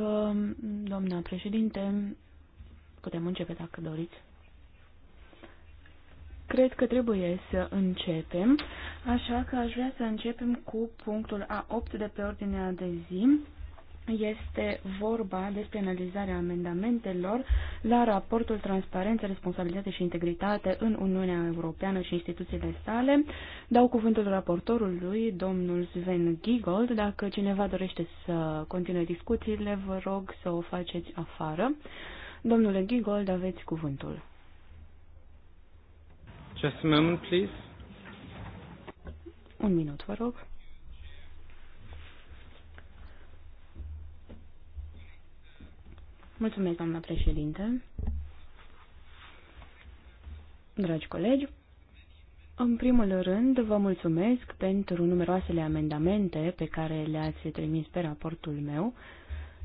că, doamna președinte, putem începe dacă doriți. Cred că trebuie să începem, așa că aș vrea să începem cu punctul A8 de pe ordinea de zi, este vorba despre analizarea amendamentelor la raportul Transparență, Responsabilitate și Integritate în Uniunea Europeană și instituțiile sale. Dau cuvântul raportorului, domnul Sven Giegold. Dacă cineva dorește să continue discuțiile, vă rog să o faceți afară. Domnule Giegold, aveți cuvântul. Just a moment, please. Un minut, vă rog. Mulțumesc, doamna președinte. Dragi colegi, în primul rând vă mulțumesc pentru numeroasele amendamente pe care le-ați trimis pe raportul meu.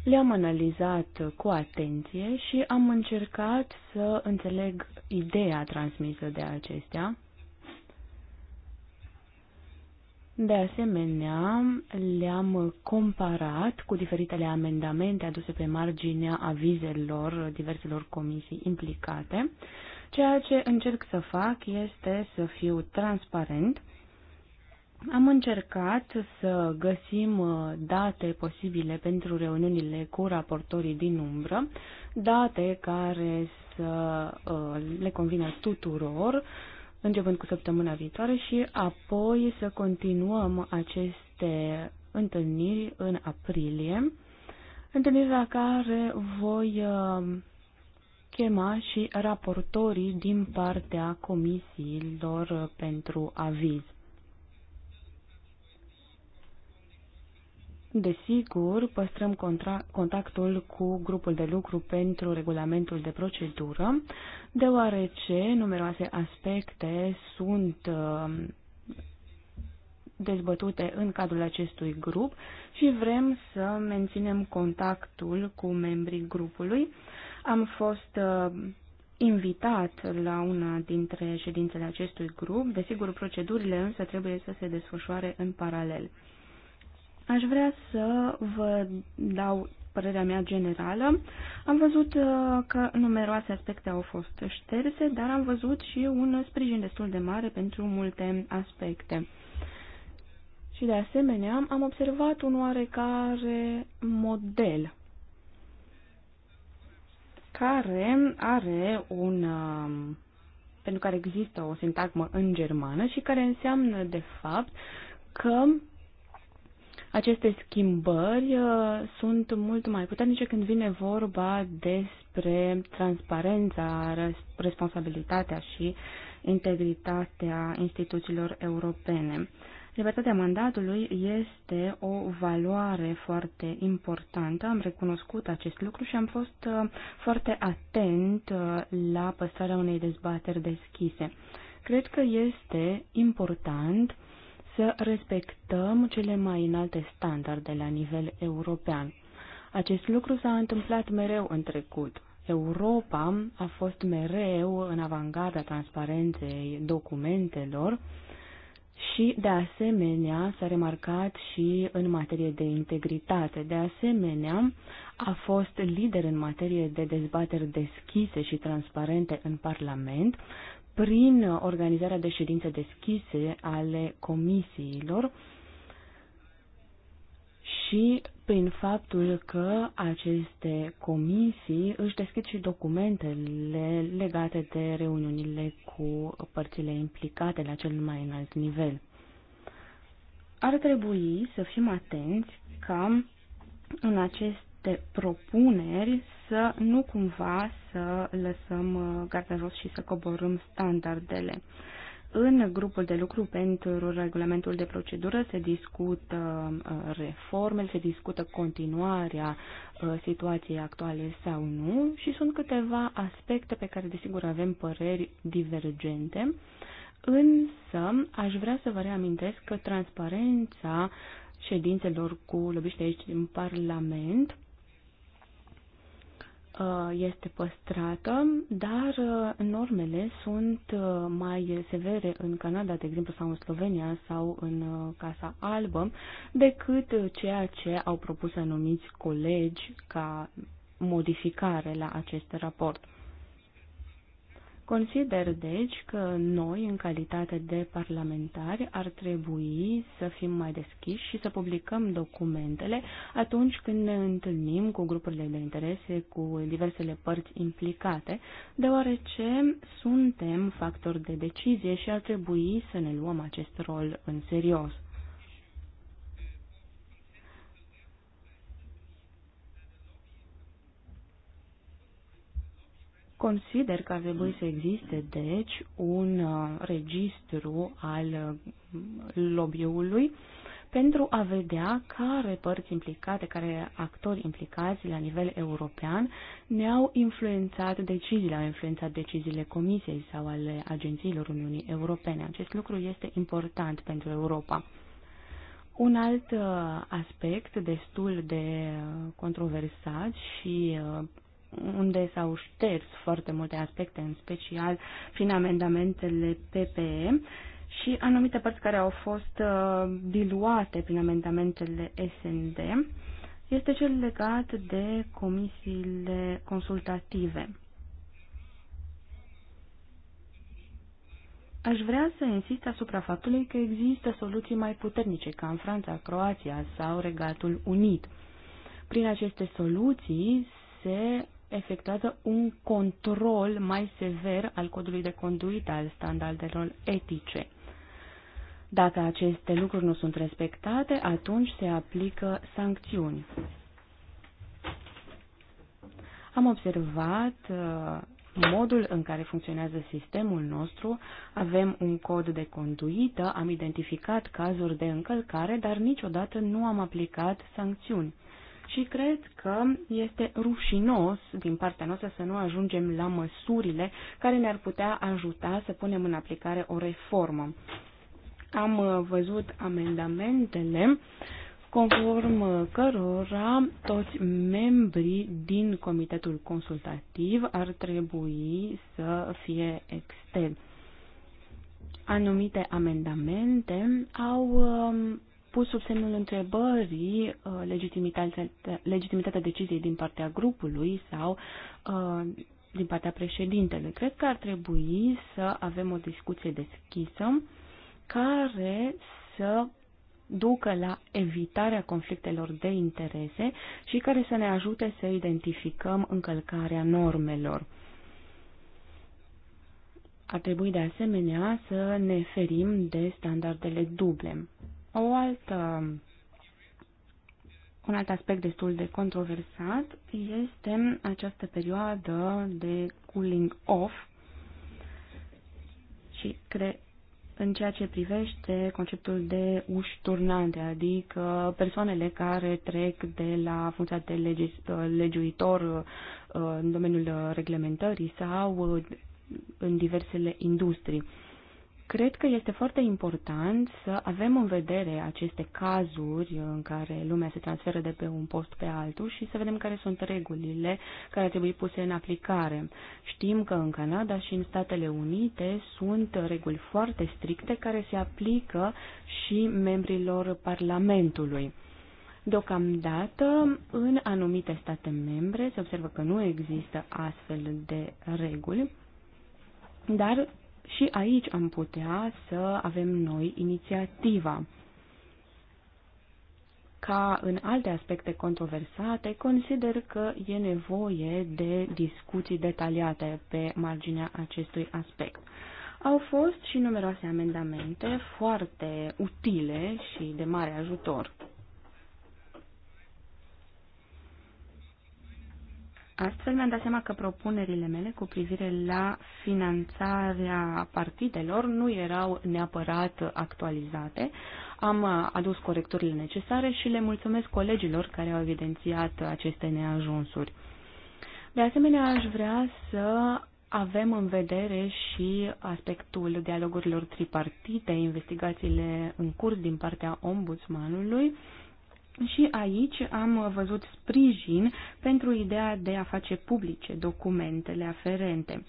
Le-am analizat cu atenție și am încercat să înțeleg ideea transmisă de acestea De asemenea, le-am comparat cu diferitele amendamente aduse pe marginea avizelor diverselor comisii implicate. Ceea ce încerc să fac este să fiu transparent. Am încercat să găsim uh, date posibile pentru reuniunile cu raportorii din umbră, date care să uh, le convină tuturor, începând cu săptămâna viitoare și apoi să continuăm aceste întâlniri în aprilie, la care voi uh, chema și raportorii din partea comisiilor pentru aviz. Desigur, păstrăm contactul cu grupul de lucru pentru regulamentul de procedură, deoarece numeroase aspecte sunt uh, dezbătute în cadrul acestui grup și vrem să menținem contactul cu membrii grupului. Am fost uh, invitat la una dintre ședințele acestui grup, desigur procedurile însă trebuie să se desfășoare în paralel. Aș vrea să vă dau părerea mea generală. Am văzut uh, că numeroase aspecte au fost șterse, dar am văzut și un sprijin destul de mare pentru multe aspecte. Și de asemenea am observat un oarecare model care are un um, pentru care există o sintagmă în germană și care înseamnă de fapt că aceste schimbări uh, sunt mult mai puternice când vine vorba despre transparența, responsabilitatea și integritatea instituțiilor europene. Libertatea mandatului este o valoare foarte importantă. Am recunoscut acest lucru și am fost uh, foarte atent uh, la păstrarea unei dezbateri deschise. Cred că este important să respectăm cele mai înalte standarde la nivel european. Acest lucru s-a întâmplat mereu în trecut. Europa a fost mereu în avangarda transparenței documentelor și, de asemenea, s-a remarcat și în materie de integritate. De asemenea, a fost lider în materie de dezbateri deschise și transparente în Parlament, prin organizarea de ședințe deschise ale comisiilor și prin faptul că aceste comisii își deschid și documentele legate de reuniunile cu părțile implicate la cel mai înalt nivel. Ar trebui să fim atenți ca în acest niște propuneri să nu cumva să lăsăm uh, garda jos și să coborâm standardele. În grupul de lucru pentru regulamentul de procedură se discută uh, reformele, se discută continuarea uh, situației actuale sau nu și sunt câteva aspecte pe care desigur avem păreri divergente, însă aș vrea să vă reamintesc că transparența ședințelor cu lobiști aici din Parlament Uh, este păstrată, dar uh, normele sunt uh, mai severe în Canada, de exemplu, sau în Slovenia sau în Casa Albă, decât ceea ce au propus anumiți colegi ca modificare la acest raport. Consider, deci, că noi, în calitate de parlamentari, ar trebui să fim mai deschiși și să publicăm documentele atunci când ne întâlnim cu grupurile de interese, cu diversele părți implicate, deoarece suntem factori de decizie și ar trebui să ne luăm acest rol în serios. Consider că ar trebui să existe, deci, un uh, registru al uh, lobby-ului pentru a vedea care părți implicate, care actori implicați la nivel european ne-au influențat deciziile, au influențat deciziile Comisiei sau ale agențiilor Uniunii Europene. Acest lucru este important pentru Europa. Un alt uh, aspect destul de controversat și unde s-au șters foarte multe aspecte, în special prin amendamentele PPE și anumite părți care au fost uh, diluate prin amendamentele SND, este cel legat de comisiile consultative. Aș vrea să insist asupra faptului că există soluții mai puternice ca în Franța, Croația sau Regatul Unit. Prin aceste soluții se efectuează un control mai sever al codului de conduită, al standardelor etice. Dacă aceste lucruri nu sunt respectate, atunci se aplică sancțiuni. Am observat uh, modul în care funcționează sistemul nostru, avem un cod de conduită, am identificat cazuri de încălcare, dar niciodată nu am aplicat sancțiuni și cred că este rușinos din partea noastră să nu ajungem la măsurile care ne-ar putea ajuta să punem în aplicare o reformă. Am uh, văzut amendamentele conform uh, cărora toți membrii din comitetul consultativ ar trebui să fie externi. Anumite amendamente au um, pus sub semnul întrebării uh, legitimitatea, legitimitatea deciziei din partea grupului sau uh, din partea președintelui. Cred că ar trebui să avem o discuție deschisă care să ducă la evitarea conflictelor de interese și care să ne ajute să identificăm încălcarea normelor. Ar trebui de asemenea să ne ferim de standardele duble. O altă, un alt aspect destul de controversat este această perioadă de cooling off și cre- în ceea ce privește conceptul de uși turnante, adică persoanele care trec de la funcția de legiuitor uh, în domeniul reglementării sau uh, în diversele industrii. Cred că este foarte important să avem în vedere aceste cazuri în care lumea se transferă de pe un post pe altul și să vedem care sunt regulile care ar trebui puse în aplicare. Știm că în Canada și în Statele Unite sunt reguli foarte stricte care se aplică și membrilor Parlamentului. Deocamdată, în anumite state membre se observă că nu există astfel de reguli, dar și aici am putea să avem noi inițiativa. Ca în alte aspecte controversate, consider că e nevoie de discuții detaliate pe marginea acestui aspect. Au fost și numeroase amendamente foarte utile și de mare ajutor. Astfel mi-am dat seama că propunerile mele cu privire la finanțarea partidelor nu erau neapărat actualizate. Am uh, adus corecturile necesare și le mulțumesc colegilor care au evidențiat aceste neajunsuri. De asemenea, aș vrea să avem în vedere și aspectul dialogurilor tripartite, investigațiile în curs din partea ombudsmanului, și aici am văzut sprijin pentru ideea de a face publice documentele aferente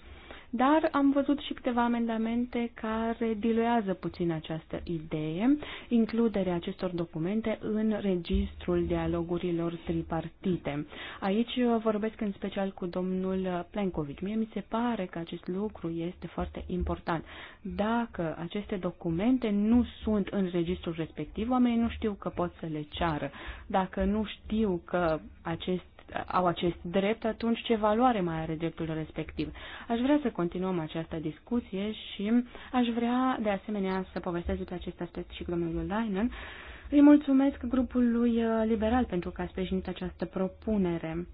dar am văzut și câteva amendamente care diluează puțin această idee, includerea acestor documente în registrul dialogurilor tripartite. Aici vorbesc în special cu domnul Plenkovic. Mie mi se pare că acest lucru este foarte important. Dacă aceste documente nu sunt în registrul respectiv, oamenii nu știu că pot să le ceară. Dacă nu știu că acest au acest drept, atunci ce valoare mai are dreptul respectiv? Aș vrea să continuăm această discuție și aș vrea de asemenea să povestesc pe acest aspect și domnului domnul Leinen. Îi mulțumesc grupului uh, liberal pentru că a sprijinit această propunere.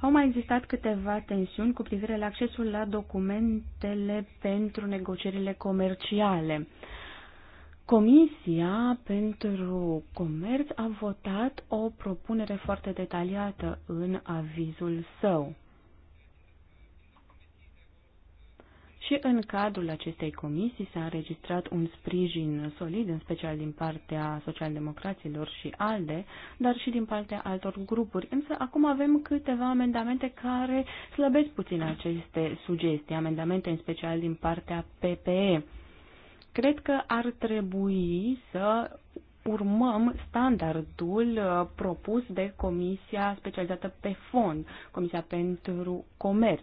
Au mai existat câteva tensiuni cu privire la accesul la documentele pentru negocierile comerciale. Uh, Comisia pentru Comerț a votat o propunere foarte detaliată în avizul său. Și în cadrul acestei comisii s-a înregistrat un sprijin solid, în special din partea socialdemocraților și ALDE, dar și din partea altor grupuri. Însă acum avem câteva amendamente care slăbesc puțin aceste sugestii, amendamente în special din partea PPE. Cred că ar trebui să urmăm standardul uh, propus de Comisia Specializată pe Fond, Comisia pentru Comerț,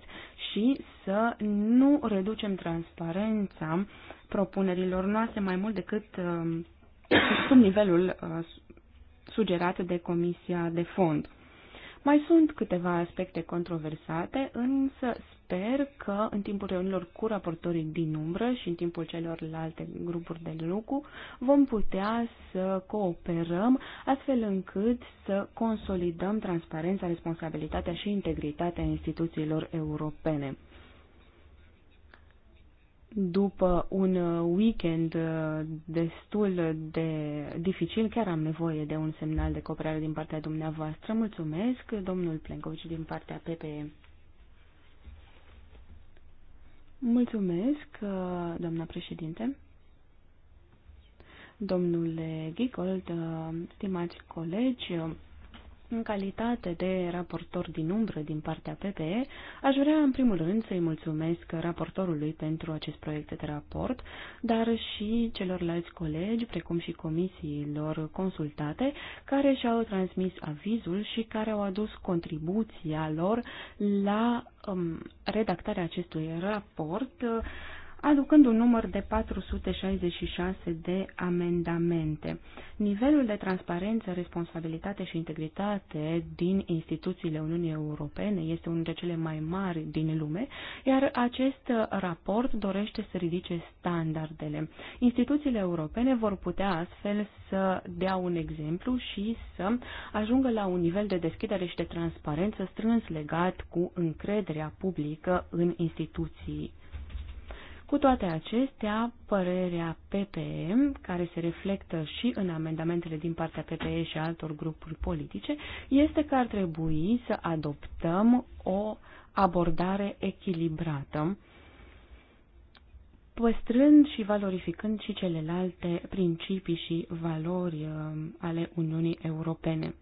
și să nu reducem transparența propunerilor noastre mai mult decât um, sub nivelul uh, sugerat de Comisia de Fond. Mai sunt câteva aspecte controversate, însă sper că în timpul reunilor cu raportorii din umbră și în timpul celorlalte grupuri de lucru vom putea să cooperăm astfel încât să consolidăm transparența, responsabilitatea și integritatea instituțiilor europene după un weekend uh, destul de dificil, chiar am nevoie de un semnal de cooperare din partea dumneavoastră. Mulțumesc, domnul Plencovici, din partea PPE. Mulțumesc, uh, doamna președinte. Domnule Gigold, uh, stimați colegi, în calitate de raportor din umbră din partea PPE, aș vrea în primul rând să-i mulțumesc raportorului pentru acest proiect de raport, dar și celorlalți colegi, precum și comisiilor consultate, care și-au transmis avizul și care au adus contribuția lor la um, redactarea acestui raport, aducând un număr de 466 de amendamente. Nivelul de transparență, responsabilitate și integritate din instituțiile Uniunii Europene este unul dintre cele mai mari din lume, iar acest raport dorește să ridice standardele. Instituțiile europene vor putea astfel să dea un exemplu și să ajungă la un nivel de deschidere și de transparență strâns legat cu încrederea publică în instituții cu toate acestea, părerea PPM, care se reflectă și în amendamentele din partea PPE și altor grupuri politice, este că ar trebui să adoptăm o abordare echilibrată, păstrând și valorificând și celelalte principii și valori uh, ale Uniunii Europene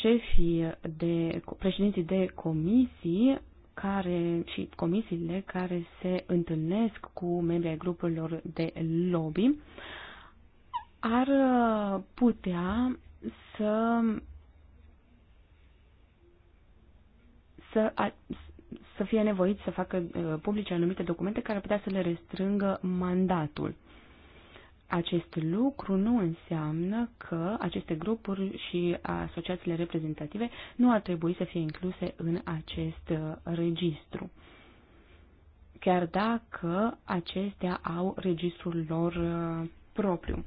șefii de președinții de comisii care și comisiile care se întâlnesc cu membrii ai grupurilor de lobby ar uh, putea să să, să fie nevoiți să facă uh, publice anumite documente care putea să le restrângă mandatul. Acest lucru nu înseamnă că aceste grupuri și asociațiile reprezentative nu ar trebui să fie incluse în acest uh, registru, chiar dacă acestea au registrul lor uh, propriu.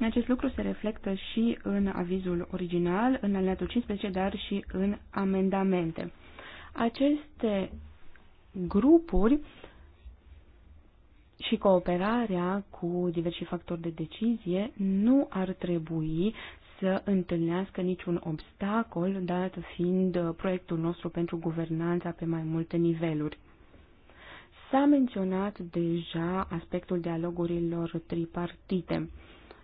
Acest lucru se reflectă și în avizul original, în alineatul 15, dar și în amendamente. Aceste grupuri uh, și cooperarea cu diversi factori de decizie nu ar trebui să întâlnească niciun obstacol, dat fiind proiectul nostru pentru guvernanța pe mai multe niveluri. S-a menționat deja aspectul dialogurilor tripartite.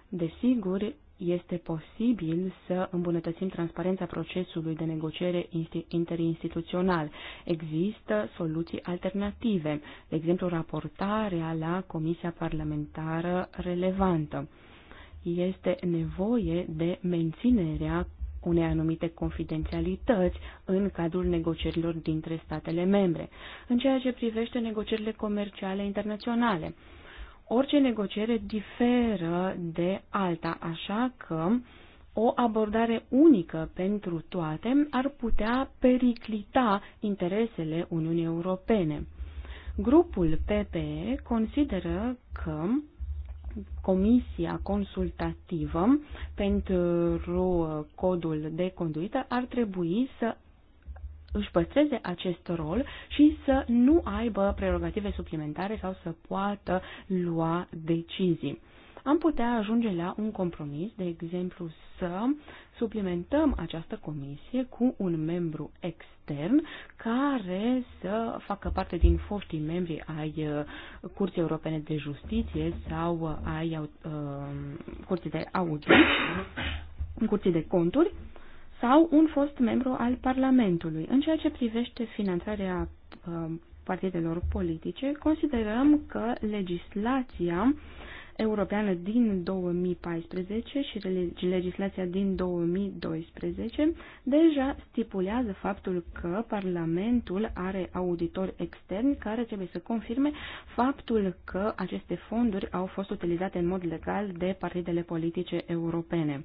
Desigur, este posibil să îmbunătățim transparența procesului de negociere interinstituțional. Există soluții alternative, de exemplu raportarea la Comisia Parlamentară relevantă. Este nevoie de menținerea unei anumite confidențialități în cadrul negocierilor dintre statele membre, în ceea ce privește negocierile comerciale internaționale. Orice negociere diferă de alta, așa că o abordare unică pentru toate ar putea periclita interesele Uniunii Europene. Grupul PPE consideră că comisia consultativă pentru codul de conduită ar trebui să își păstreze acest rol și să nu aibă prerogative suplimentare sau să poată lua decizii. Am putea ajunge la un compromis, de exemplu să suplimentăm această comisie cu un membru extern care să facă parte din foștii membri ai uh, Curții Europene de Justiție sau uh, ai uh, Curții de Audit, Curții de Conturi, sau un fost membru al Parlamentului. În ceea ce privește finanțarea uh, partidelor politice, considerăm că legislația europeană din 2014 și legislația din 2012 deja stipulează faptul că Parlamentul are auditori externi care trebuie să confirme faptul că aceste fonduri au fost utilizate în mod legal de partidele politice europene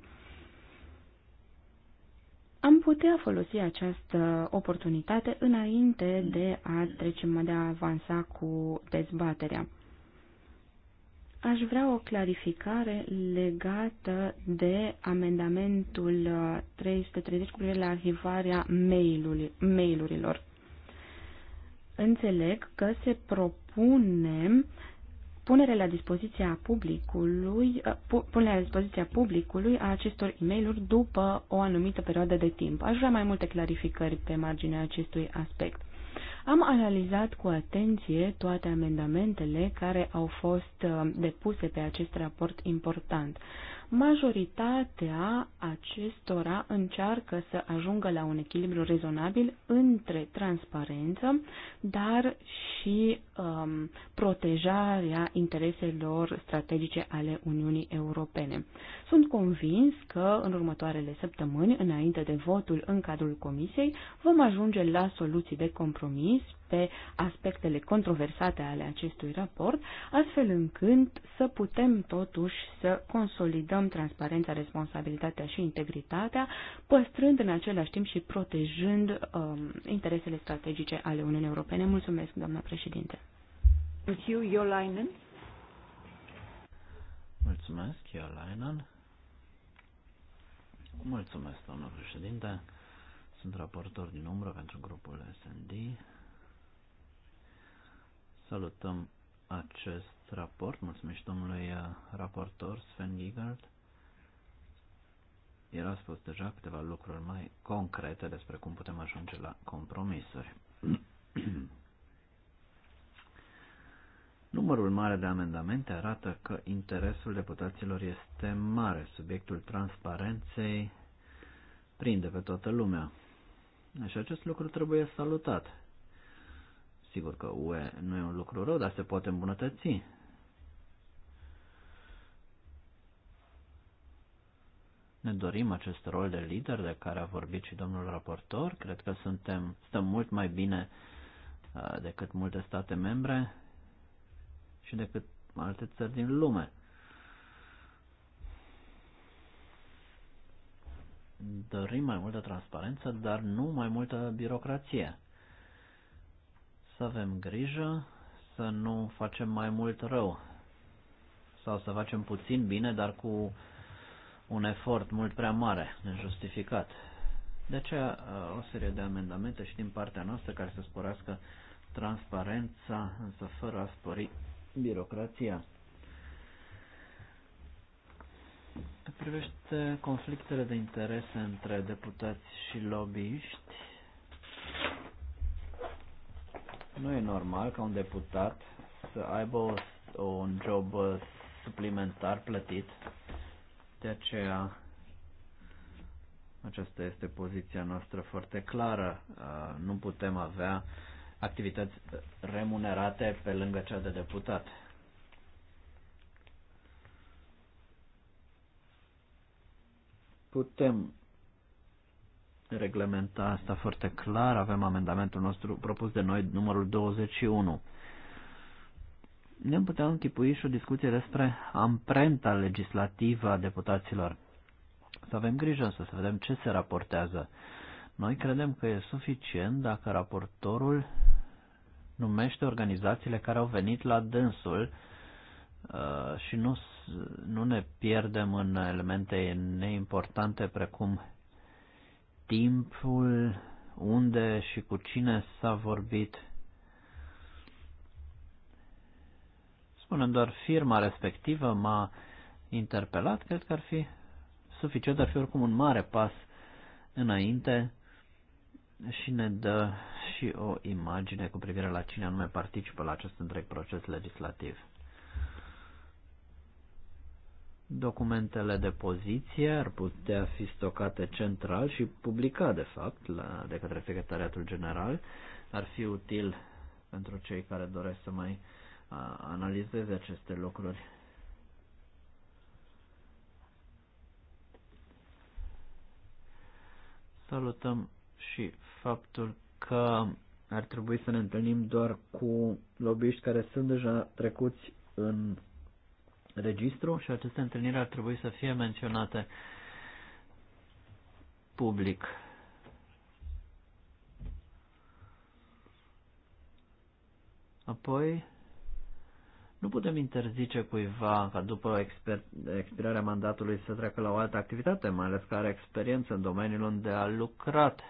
am putea folosi această oportunitate înainte de a trece mai de a avansa cu dezbaterea. Aș vrea o clarificare legată de amendamentul 330 cu privire la arhivarea mail-urilor. Înțeleg că se propune punere la dispoziția publicului, eh, punerea la dispoziția publicului a acestor e mail după o anumită perioadă de timp. Aș vrea mai multe clarificări pe marginea acestui aspect. Am analizat cu atenție toate amendamentele care au fost eh, depuse pe acest raport important majoritatea acestora încearcă să ajungă la un echilibru rezonabil între transparență, dar și um, protejarea intereselor strategice ale Uniunii Europene. Sunt convins că în următoarele săptămâni, înainte de votul în cadrul Comisiei, vom ajunge la soluții de compromis pe aspectele controversate ale acestui raport, astfel încât să putem totuși să consolidăm transparența, responsabilitatea și integritatea, păstrând în același timp și protejând um, interesele strategice ale Uniunii Europene. Mulțumesc, doamna președinte. Thank you, Mulțumesc, Iolainen. Mulțumesc, doamnă președinte. Sunt raportor din umbră pentru grupul SND. Salutăm acest raport. Mulțumesc domnului uh, raportor Sven Giegard. El a spus deja câteva lucruri mai concrete despre cum putem ajunge la compromisuri. Numărul mare de amendamente arată că interesul deputaților este mare. Subiectul transparenței prinde pe toată lumea. Și deci acest lucru trebuie salutat. Sigur că UE nu e un lucru rău, dar se poate îmbunătăți. Ne dorim acest rol de lider de care a vorbit și domnul raportor. Cred că suntem, stăm mult mai bine uh, decât multe state membre și decât alte țări din lume. Dorim mai multă transparență, dar nu mai multă birocrație să avem grijă să nu facem mai mult rău sau să facem puțin bine, dar cu un efort mult prea mare, nejustificat. De aceea uh, o serie de amendamente și din partea noastră care să sporească transparența, însă fără a spori birocrația. privește conflictele de interese între deputați și lobbyiști, Nu e normal ca un deputat să aibă o, un job uh, suplimentar plătit. De aceea, aceasta este poziția noastră foarte clară. Uh, nu putem avea activități remunerate pe lângă cea de deputat. Putem reglementa asta foarte clar. Avem amendamentul nostru propus de noi, numărul 21. Ne-am putea închipui și o discuție despre amprenta legislativă a deputaților. Să avem grijă însă, să vedem ce se raportează. Noi credem că e suficient dacă raportorul numește organizațiile care au venit la dânsul uh, și nu, nu ne pierdem în elemente neimportante precum timpul, unde și cu cine s-a vorbit. Spunem doar firma respectivă m-a interpelat, cred că ar fi suficient, ar fi oricum un mare pas înainte și ne dă și o imagine cu privire la cine anume participă la acest întreg proces legislativ. Documentele de poziție ar putea fi stocate central și publica, de fapt, la, de către Secretariatul General. Ar fi util pentru cei care doresc să mai a, analizeze aceste lucruri. Salutăm și faptul că ar trebui să ne întâlnim doar cu lobbyști care sunt deja trecuți în registru și aceste întâlniri ar trebui să fie menționate public. Apoi, nu putem interzice cuiva ca după expirarea mandatului să treacă la o altă activitate, mai ales că are experiență în domeniul unde a lucrat.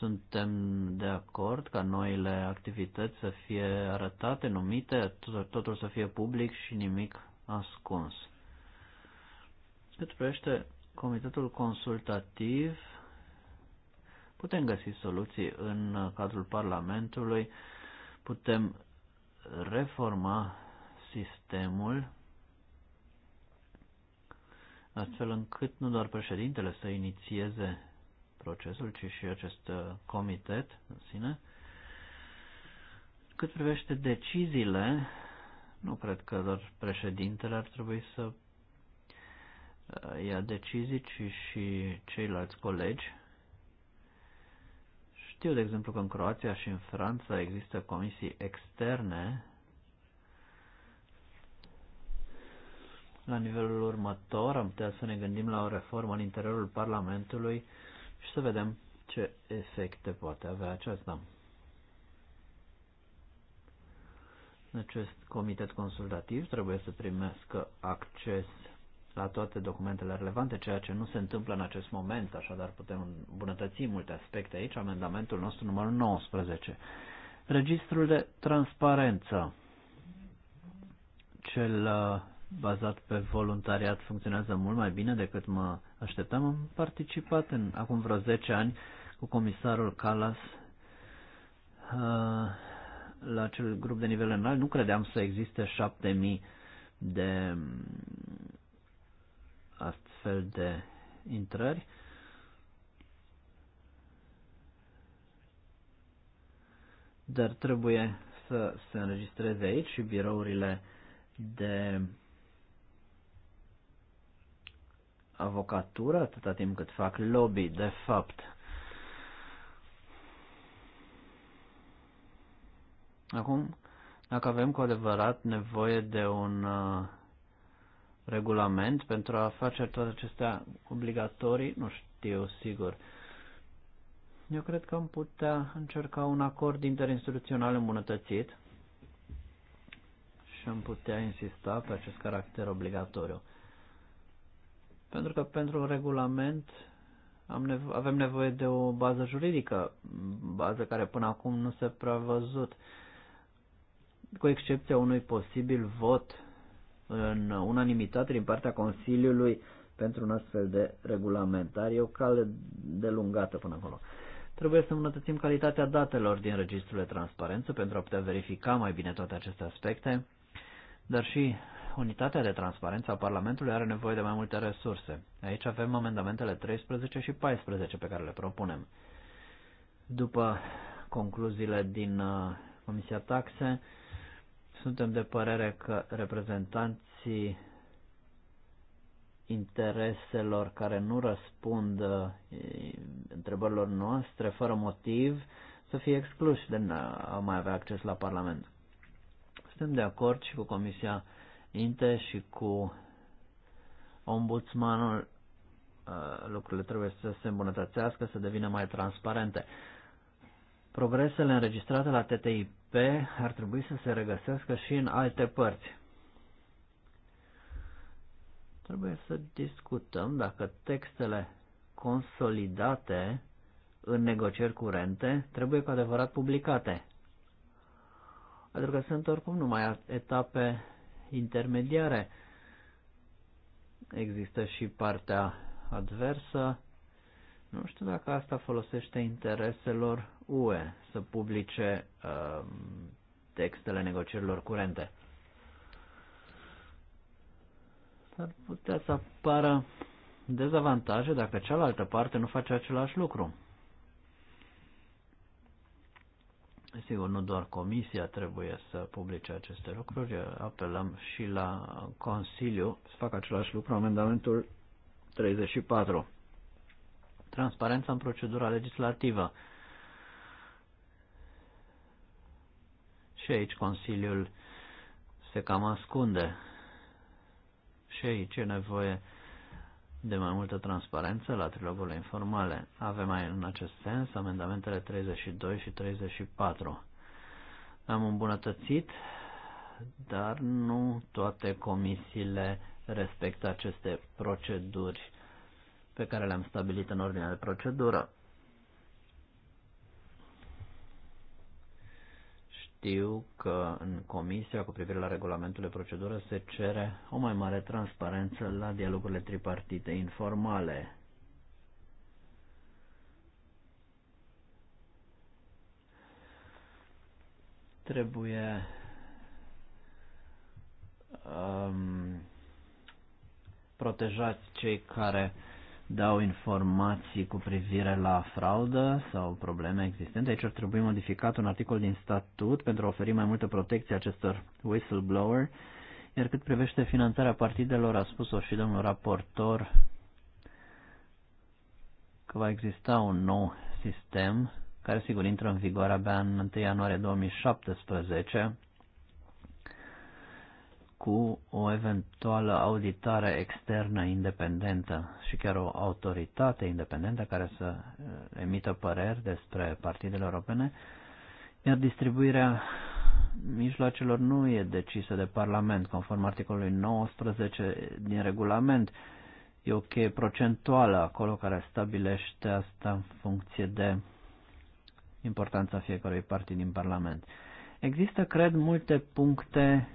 Suntem de acord ca noile activități să fie arătate, numite, totul să fie public și nimic ascuns. Cât privește comitetul consultativ, putem găsi soluții în cadrul Parlamentului, putem reforma sistemul astfel încât nu doar președintele să inițieze procesul, ci și acest uh, comitet în sine. Cât privește deciziile, nu cred că doar președintele ar trebui să uh, ia decizii, ci și ceilalți colegi. Știu, de exemplu, că în Croația și în Franța există comisii externe la nivelul următor am putea să ne gândim la o reformă în interiorul Parlamentului și să vedem ce efecte poate avea aceasta. Acest comitet consultativ trebuie să primească acces la toate documentele relevante, ceea ce nu se întâmplă în acest moment, așadar putem îmbunătăți multe aspecte aici, amendamentul nostru numărul 19. Registrul de transparență, cel uh, bazat pe voluntariat, funcționează mult mai bine decât mă așteptam. Am participat în, acum vreo 10 ani cu comisarul Calas la acel grup de nivel înalt. Nu credeam să existe 7000 de astfel de intrări. Dar trebuie să se înregistreze aici și birourile de avocatură atâta timp cât fac lobby, de fapt. Acum, dacă avem cu adevărat nevoie de un uh, regulament pentru a face toate acestea obligatorii, nu știu sigur. Eu cred că am putea încerca un acord interinstituțional îmbunătățit și am putea insista pe acest caracter obligatoriu pentru că pentru un regulament am nevo- avem nevoie de o bază juridică, bază care până acum nu se văzut. cu excepția unui posibil vot în unanimitate din partea Consiliului pentru un astfel de regulament, dar e o cale delungată până acolo. Trebuie să îmbunătățim calitatea datelor din registrul de transparență pentru a putea verifica mai bine toate aceste aspecte, dar și Unitatea de transparență a Parlamentului are nevoie de mai multe resurse. Aici avem amendamentele 13 și 14 pe care le propunem. După concluziile din uh, Comisia Taxe, suntem de părere că reprezentanții intereselor care nu răspund uh, întrebărilor noastre fără motiv să fie excluși de a mai avea acces la Parlament. Suntem de acord și cu Comisia INTE și cu ombudsmanul uh, lucrurile trebuie să se îmbunătățească, să devină mai transparente. Progresele înregistrate la TTIP ar trebui să se regăsească și în alte părți. Trebuie să discutăm dacă textele consolidate în negocieri curente trebuie cu adevărat publicate. Pentru că sunt oricum numai etape intermediare. Există și partea adversă. Nu știu dacă asta folosește intereselor UE să publice uh, textele negocierilor curente. S-ar putea să apară dezavantaje dacă cealaltă parte nu face același lucru. Sigur, nu doar Comisia trebuie să publice aceste lucruri, apelăm și la Consiliu să facă același lucru, amendamentul 34. Transparența în procedura legislativă. Și aici Consiliul se cam ascunde. Și aici e nevoie de mai multă transparență la trilogurile informale. Avem mai în acest sens amendamentele 32 și 34. Am îmbunătățit, dar nu toate comisiile respectă aceste proceduri pe care le-am stabilit în ordinea de procedură. Știu că în comisia cu privire la regulamentul de procedură se cere o mai mare transparență la dialogurile tripartite informale. Trebuie um, protejați cei care dau informații cu privire la fraudă sau probleme existente. Aici ar trebui modificat un articol din statut pentru a oferi mai multă protecție acestor whistleblower. Iar cât privește finanțarea partidelor, a spus-o și domnul raportor că va exista un nou sistem care sigur intră în vigoare abia în 1 ianuarie 2017 cu o eventuală auditare externă independentă și chiar o autoritate independentă care să uh, emită păreri despre partidele europene, iar distribuirea mijloacelor nu e decisă de Parlament, conform articolului 19 din regulament. E o cheie procentuală acolo care stabilește asta în funcție de importanța fiecărui partid din Parlament. Există, cred, multe puncte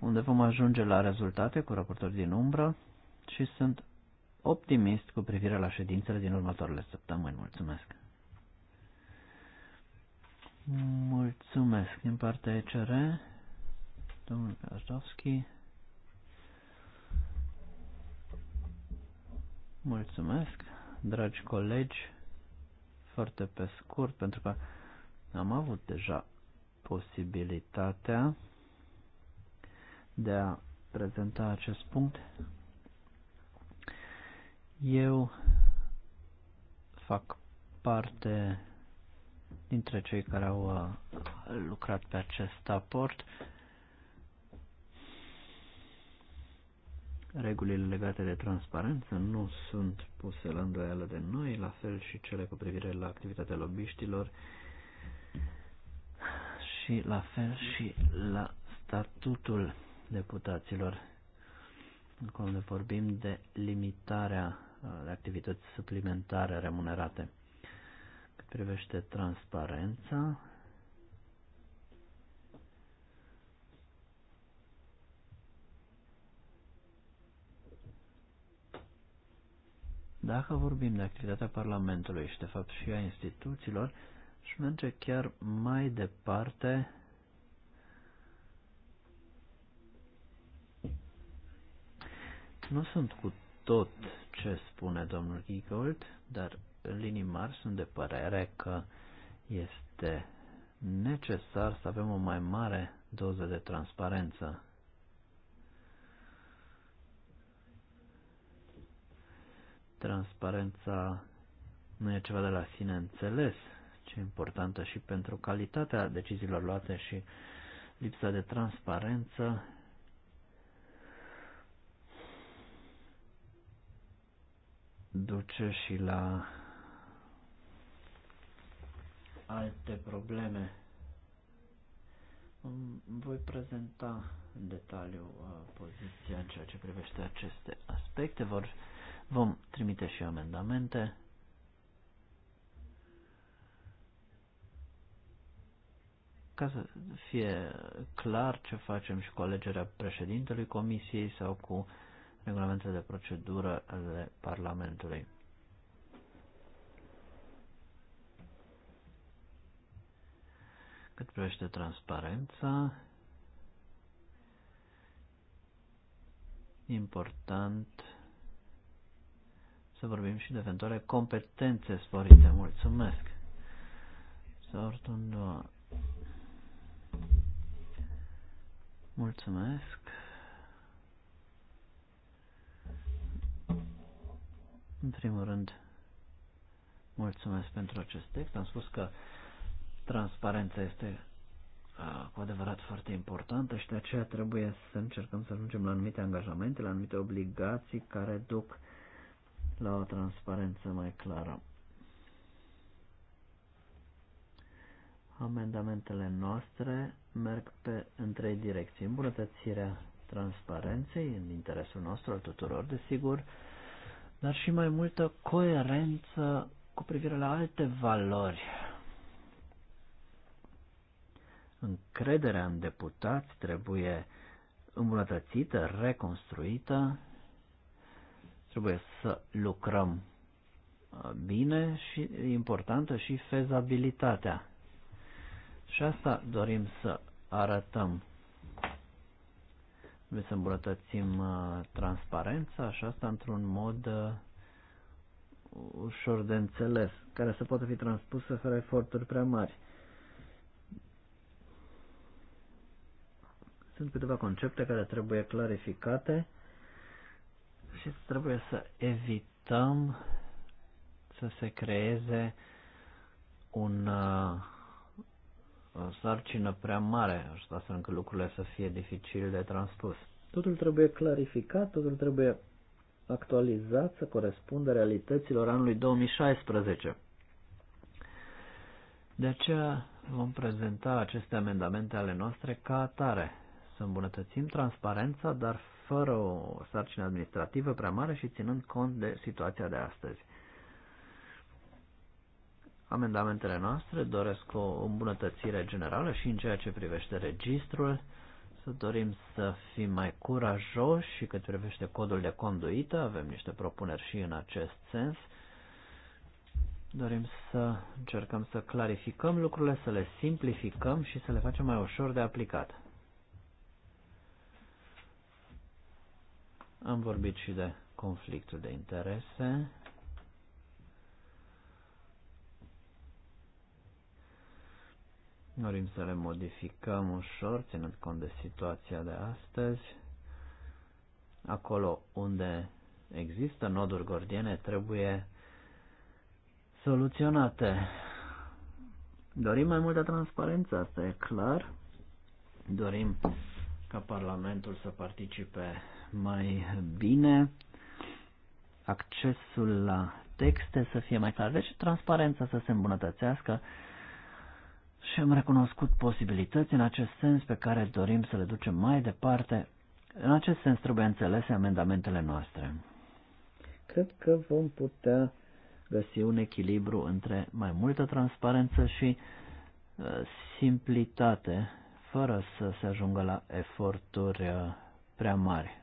unde vom ajunge la rezultate cu raportori din umbră și sunt optimist cu privire la ședințele din următoarele săptămâni. Mulțumesc! Mulțumesc din partea ECR, domnul Kajdowski. Mulțumesc, dragi colegi, foarte pe scurt, pentru că am avut deja posibilitatea de a prezenta acest punct. Eu fac parte dintre cei care au uh, lucrat pe acest aport. Regulile legate de transparență nu sunt puse la îndoială de noi, la fel și cele cu privire la activitatea lobiștilor și la fel și la statutul deputaților. Acum ne vorbim de limitarea uh, de activități suplimentare remunerate. Cât privește transparența, Dacă vorbim de activitatea Parlamentului și, de fapt, și a instituțiilor, și merge chiar mai departe Nu sunt cu tot ce spune domnul Giegold, dar în linii mari sunt de părere că este necesar să avem o mai mare doză de transparență. Transparența nu e ceva de la sine înțeles, ci importantă și pentru calitatea deciziilor luate și lipsa de transparență duce și la alte probleme. Voi prezenta în detaliu uh, poziția în ceea ce privește aceste aspecte. Vor, vom trimite și amendamente. Ca să fie clar ce facem și cu alegerea președintelui comisiei sau cu regulamentele de procedură ale Parlamentului. Cât privește transparența, important să vorbim și de eventuale competențe sporite. Mulțumesc! Sortul Mulțumesc! În primul rând, mulțumesc pentru acest text. Am spus că transparența este cu adevărat foarte importantă și de aceea trebuie să încercăm să ajungem la anumite angajamente, la anumite obligații care duc la o transparență mai clară. Amendamentele noastre merg pe, în trei direcții. Îmbunătățirea transparenței, în interesul nostru al tuturor, desigur, dar și mai multă coerență cu privire la alte valori. Încrederea în deputați trebuie îmbunătățită, reconstruită, trebuie să lucrăm uh, bine și importantă și fezabilitatea. Și asta dorim să arătăm Trebuie să îmbunătățim uh, transparența și asta într-un mod uh, ușor de înțeles, care să poată fi transpusă fără eforturi prea mari. Sunt câteva concepte care trebuie clarificate și trebuie să evităm să se creeze un uh, o sarcină prea mare, așa astfel încât lucrurile să fie dificil de transpus. Totul trebuie clarificat, totul trebuie actualizat să corespundă realităților anului 2016. De aceea vom prezenta aceste amendamente ale noastre ca atare, să îmbunătățim transparența, dar fără o sarcină administrativă prea mare și ținând cont de situația de astăzi. Amendamentele noastre doresc o îmbunătățire generală și în ceea ce privește registrul, să dorim să fim mai curajoși și cât privește codul de conduită, avem niște propuneri și în acest sens. Dorim să încercăm să clarificăm lucrurile, să le simplificăm și să le facem mai ușor de aplicat. Am vorbit și de conflictul de interese. Dorim să le modificăm ușor, ținând cont de situația de astăzi. Acolo unde există noduri gordiene, trebuie soluționate. Dorim mai multă transparență, asta e clar. Dorim ca Parlamentul să participe mai bine, accesul la texte să fie mai clar, deci transparența să se îmbunătățească și am recunoscut posibilități în acest sens pe care dorim să le ducem mai departe. În acest sens trebuie înțelese amendamentele noastre. Cred că vom putea găsi un echilibru între mai multă transparență și uh, simplitate, fără să se ajungă la eforturi uh, prea mari.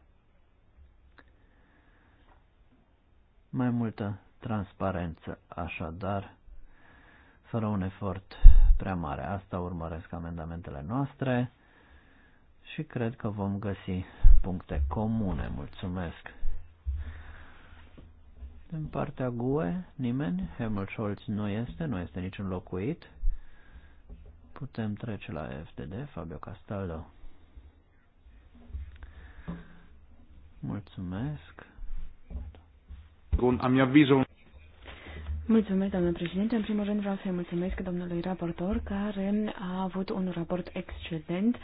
Mai multă transparență, așadar, fără un efort prea mare. Asta urmăresc amendamentele noastre și cred că vom găsi puncte comune. Mulțumesc! Din partea GUE, nimeni, Helmut Scholz nu este, nu este niciun locuit. Putem trece la FDD. Fabio Castaldo. Mulțumesc. a mio avviso... Mulțumesc, doamnă președinte. În primul rând vreau să-i mulțumesc domnului raportor, care a avut un raport excelent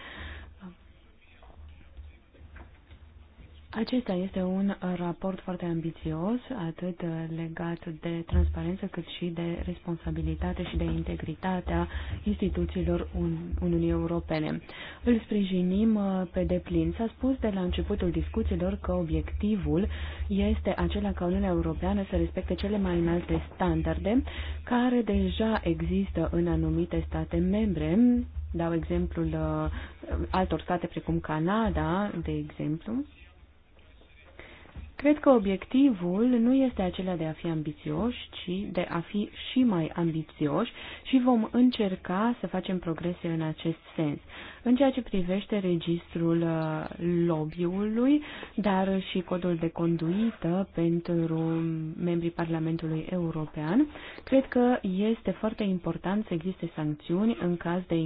Acesta este un raport foarte ambițios, atât legat de transparență, cât și de responsabilitate și de integritatea instituțiilor Uniunii Europene. Îl sprijinim uh, pe deplin. S-a spus de la începutul discuțiilor că obiectivul este acela ca Uniunea Europeană să respecte cele mai înalte standarde care deja există în anumite state membre, dau exemplul uh, altor state precum Canada, de exemplu, Cred că obiectivul nu este acela de a fi ambițioși, ci de a fi și mai ambițioși și vom încerca să facem progrese în acest sens. În ceea ce privește registrul uh, lobby-ului, dar și codul de conduită pentru membrii Parlamentului European, cred că este foarte important să existe sancțiuni în caz de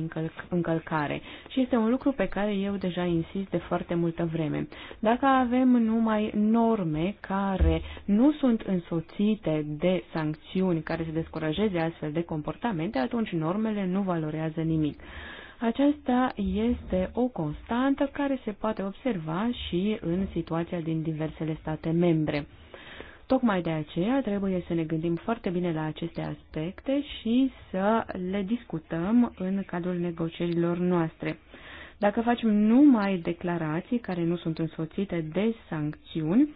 încălcare și este un lucru pe care eu deja insist de foarte multă vreme. Dacă avem numai norme norme care nu sunt însoțite de sancțiuni care să descurajeze astfel de comportamente, atunci normele nu valorează nimic. Aceasta este o constantă care se poate observa și în situația din diversele state membre. Tocmai de aceea trebuie să ne gândim foarte bine la aceste aspecte și să le discutăm în cadrul negocierilor noastre. Dacă facem numai declarații care nu sunt însoțite de sancțiuni,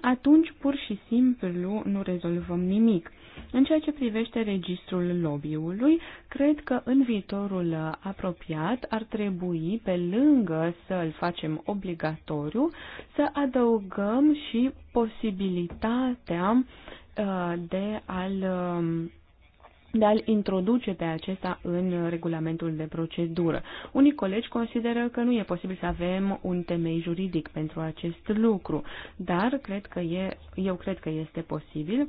atunci pur și simplu nu rezolvăm nimic. În ceea ce privește registrul lobby-ului, cred că în viitorul apropiat ar trebui, pe lângă să îl facem obligatoriu, să adăugăm și posibilitatea uh, de a-l um, de a-l introduce pe acesta în regulamentul de procedură. Unii colegi consideră că nu e posibil să avem un temei juridic pentru acest lucru, dar cred că e, eu cred că este posibil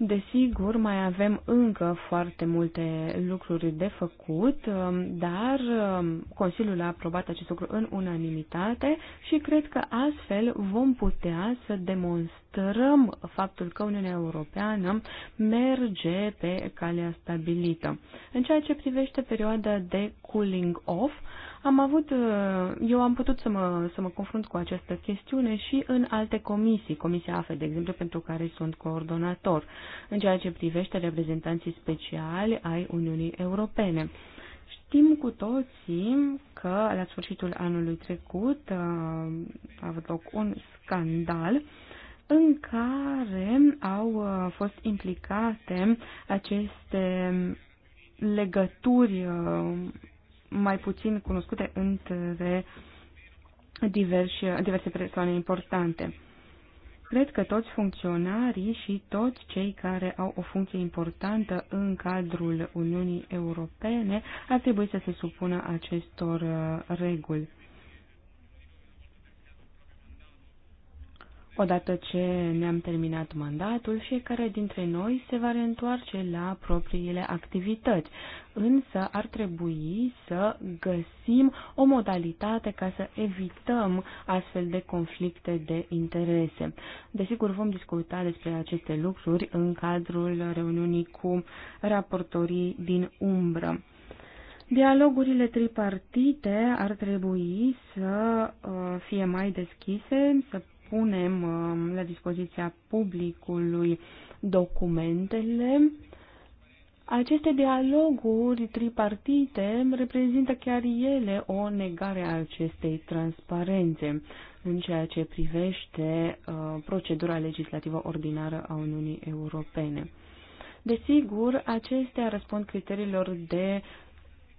Desigur, mai avem încă foarte multe lucruri de făcut, um, dar um, Consiliul a aprobat acest lucru în unanimitate și cred că astfel vom putea să demonstrăm faptul că Uniunea Europeană merge pe calea stabilită. În ceea ce privește perioada de cooling off, am avut, uh, eu am putut să mă, să mă confrunt cu această chestiune și în alte comisii, Comisia AFE, de exemplu, pentru care sunt coordonator, în ceea ce privește reprezentanții speciali ai Uniunii Europene. Știm cu toții că la sfârșitul anului trecut uh, a avut loc un scandal în care au uh, fost implicate aceste legături mai puțin cunoscute între diversi, diverse persoane importante. Cred că toți funcționarii și toți cei care au o funcție importantă în cadrul Uniunii Europene ar trebui să se supună acestor uh, reguli. Odată ce ne-am terminat mandatul, fiecare dintre noi se va reîntoarce la propriile activități, însă ar trebui să găsim o modalitate ca să evităm astfel de conflicte de interese. Desigur, vom discuta despre aceste lucruri în cadrul reuniunii cu raportorii din umbră. Dialogurile tripartite ar trebui să uh, fie mai deschise, să punem um, la dispoziția publicului documentele. Aceste dialoguri tripartite reprezintă chiar ele o negare a acestei transparențe în ceea ce privește uh, procedura legislativă ordinară a Uniunii Europene. Desigur, acestea răspund criteriilor de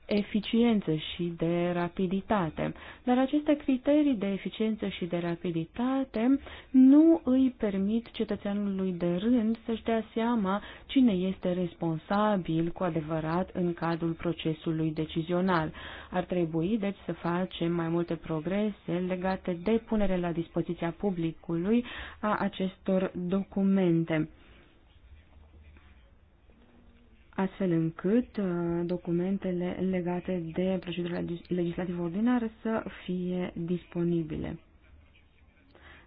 eficiență și de rapiditate. Dar aceste criterii de eficiență și de rapiditate nu îi permit cetățeanului de rând să-și dea seama cine este responsabil cu adevărat în cadrul procesului decizional. Ar trebui, deci, să facem mai multe progrese legate de punere la dispoziția publicului a acestor documente astfel încât uh, documentele legate de procedura legislativă ordinară să fie disponibile.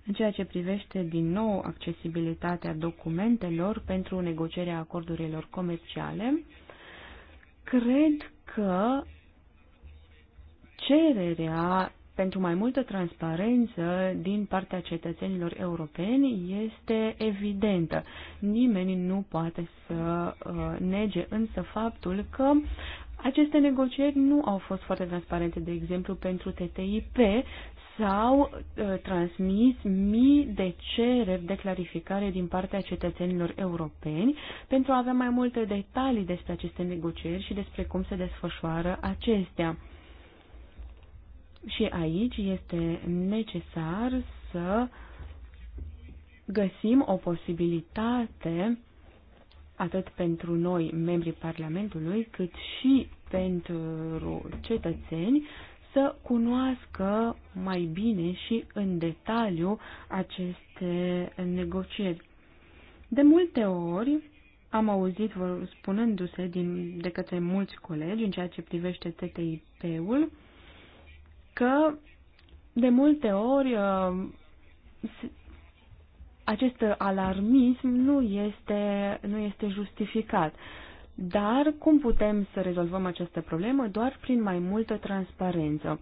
În ceea ce privește din nou accesibilitatea documentelor pentru negocierea acordurilor comerciale, cred că cererea pentru mai multă transparență din partea cetățenilor europeni este evidentă. Nimeni nu poate să uh, nege însă faptul că aceste negocieri nu au fost foarte transparente, de exemplu, pentru TTIP s-au uh, transmis mii de cereri de clarificare din partea cetățenilor europeni pentru a avea mai multe detalii despre aceste negocieri și despre cum se desfășoară acestea. Și aici este necesar să găsim o posibilitate atât pentru noi, membrii Parlamentului, cât și pentru cetățeni, să cunoască mai bine și în detaliu aceste negocieri. De multe ori am auzit spunându-se din, de către mulți colegi în ceea ce privește TTIP-ul că de multe ori uh, acest alarmism nu este, nu este justificat. Dar cum putem să rezolvăm această problemă? Doar prin mai multă transparență.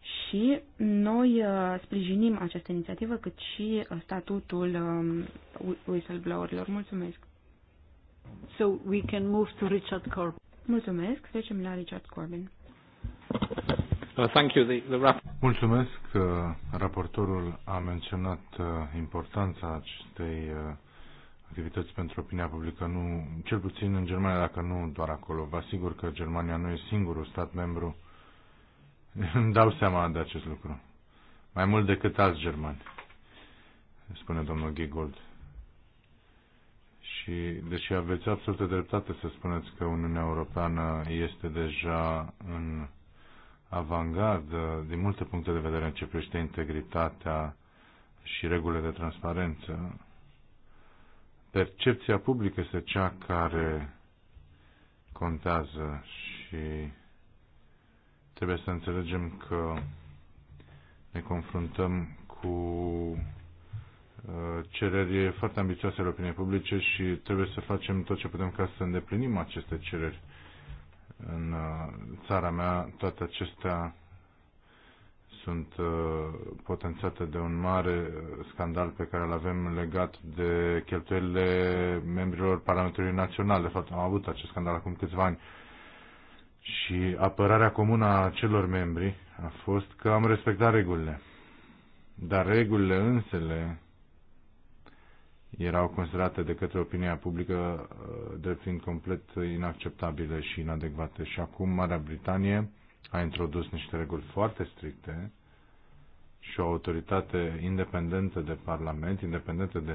Și noi uh, sprijinim această inițiativă, cât și uh, statutul um, whistleblowerilor. Mulțumesc! So we can move to Richard Corbin Mulțumesc, trecem la Richard Corbin Uh, thank you. The, the rap- Mulțumesc. Raportorul a menționat uh, importanța acestei uh, activități pentru opinia publică, nu, cel puțin în Germania, dacă nu doar acolo. Vă asigur că Germania nu e singurul stat membru. Îmi dau seama de acest lucru. Mai mult decât alți germani, spune domnul Giegold. Și deși aveți absolută dreptate să spuneți că Uniunea Europeană este deja în avangardă din multe puncte de vedere în ce privește integritatea și regulile de transparență. Percepția publică este cea care contează și trebuie să înțelegem că ne confruntăm cu uh, cereri foarte ambițioase ale opiniei publice și trebuie să facem tot ce putem ca să îndeplinim aceste cereri. În uh, țara mea toate acestea sunt uh, potențate de un mare uh, scandal pe care îl avem legat de cheltuielile membrilor Parlamentului Național. De fapt, am avut acest scandal acum câțiva ani. Și apărarea comună a celor membri a fost că am respectat regulile. Dar regulile însele erau considerate de către opinia publică uh, de fiind complet inacceptabile și inadecvate. Și acum Marea Britanie a introdus niște reguli foarte stricte și o autoritate independentă de Parlament, independentă de,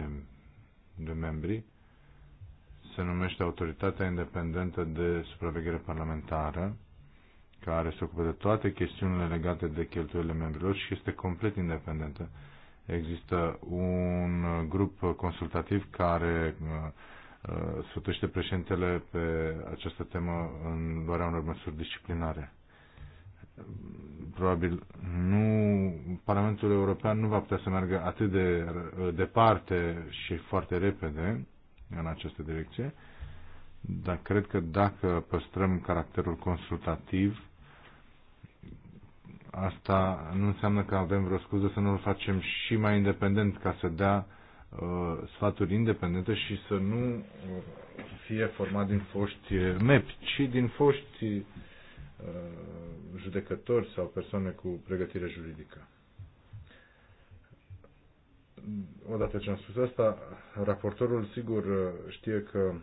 de membri, se numește Autoritatea Independentă de Supraveghere Parlamentară, care se ocupă de toate chestiunile legate de cheltuielile membrilor și este complet independentă Există un grup consultativ care uh, uh, sfătuiește președintele pe această temă în luarea unor măsuri disciplinare. Probabil nu, Parlamentul European nu va putea să meargă atât de uh, departe și foarte repede în această direcție, dar cred că dacă păstrăm caracterul consultativ, Asta nu înseamnă că avem vreo scuză să nu-l facem și mai independent, ca să dea uh, sfaturi independente și să nu uh, fie format din foști MEP ci din foști uh, judecători sau persoane cu pregătire juridică. Odată ce am spus asta, raportorul sigur știe că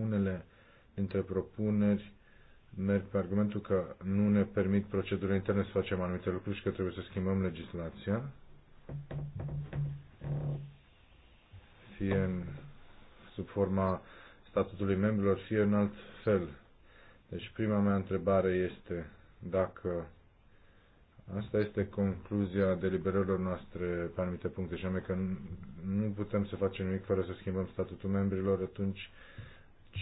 unele dintre propuneri merg pe argumentul că nu ne permit procedurile interne să facem anumite lucruri și că trebuie să schimbăm legislația, fie în, sub forma statutului membrilor, fie în alt fel. Deci prima mea întrebare este dacă asta este concluzia deliberărilor noastre pe anumite puncte, și anume că nu putem să facem nimic fără să schimbăm statutul membrilor, atunci uh,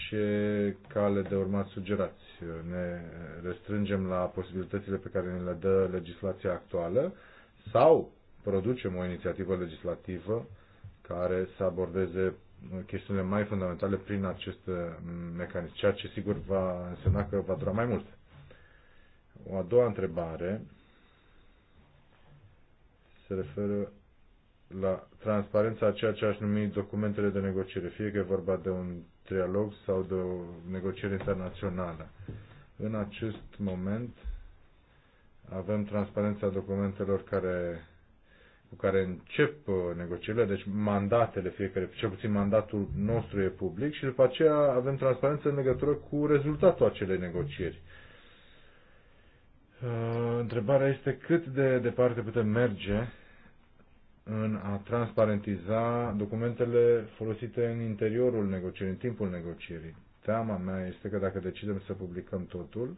ce cale de urmat sugerați. Ne restrângem la posibilitățile pe care ne le dă legislația actuală sau producem o inițiativă legislativă care să abordeze chestiunile mai fundamentale prin acest mm, mecanism, ceea ce sigur va însemna că va dura mai mult. O a doua întrebare se referă la transparența a ceea ce aș numi documentele de negociere, fie că e vorba de un trialog sau de o negociere internațională. În acest moment avem transparența documentelor care, cu care încep uh, negocierile, deci mandatele fiecare, cel puțin mandatul nostru e public și după aceea avem transparență în legătură cu rezultatul acelei negocieri. Uh, întrebarea este cât de departe putem merge în a transparentiza documentele folosite în interiorul negocierii, în timpul negocierii. Teama mea este că dacă decidem să publicăm totul,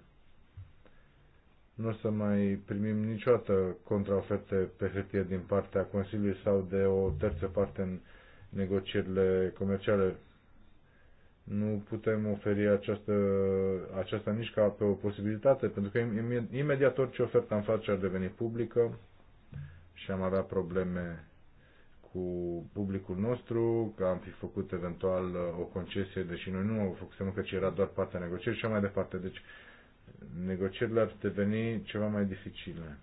nu o să mai primim niciodată contraoferte pe hârtie din partea Consiliului sau de o terță parte în negocierile comerciale. Nu putem oferi această, aceasta nici ca pe o posibilitate, pentru că imediat orice ofertă am face ar deveni publică și am avea probleme cu publicul nostru, că am fi făcut eventual uh, o concesie, deși noi nu o făcusem că ce era doar partea negocieri și așa mai departe. Deci negocierile ar deveni ceva mai dificile.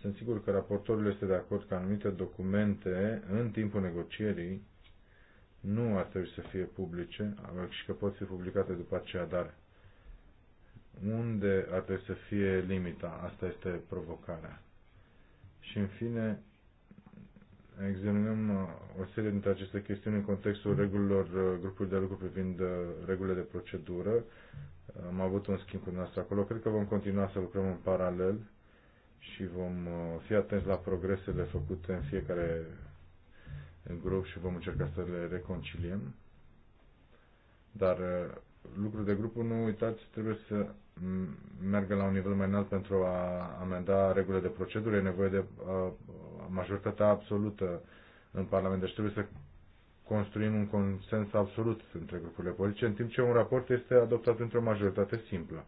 Sunt sigur că raportorul este de acord că anumite documente în timpul negocierii nu ar trebui să fie publice uh, și că pot fi publicate după aceea, dar unde ar trebui să fie limita? Asta este provocarea. Și, în fine, examinăm uh, o serie dintre aceste chestiuni în contextul regulilor uh, grupului de lucru privind uh, regulile de procedură. Am avut un schimb cu noastră acolo. Cred că vom continua să lucrăm în paralel și vom fi atenți la progresele făcute în fiecare grup și vom încerca să le reconciliem. Dar lucruri de grup, nu uitați, trebuie să meargă la un nivel mai înalt pentru a amenda regulile de procedură, e nevoie de uh, majoritatea absolută în Parlament. Deci trebuie să construim un consens absolut între grupurile politice, în timp ce un raport este adoptat într-o majoritate simplă.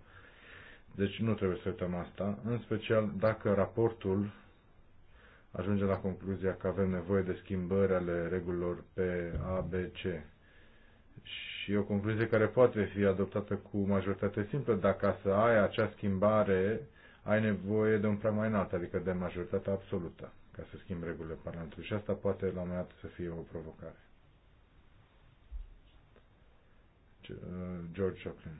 Deci nu trebuie să uităm asta, în special dacă raportul ajunge la concluzia că avem nevoie de schimbări ale regulilor pe A, B, C și o concluzie care poate fi adoptată cu majoritate simplă, dar ca să ai acea schimbare, ai nevoie de un prag mai înalt, adică de majoritatea absolută, ca să schimbi regulile Parlamentului. Și asta poate la un moment dat să fie o provocare. Uh, George Chaplin.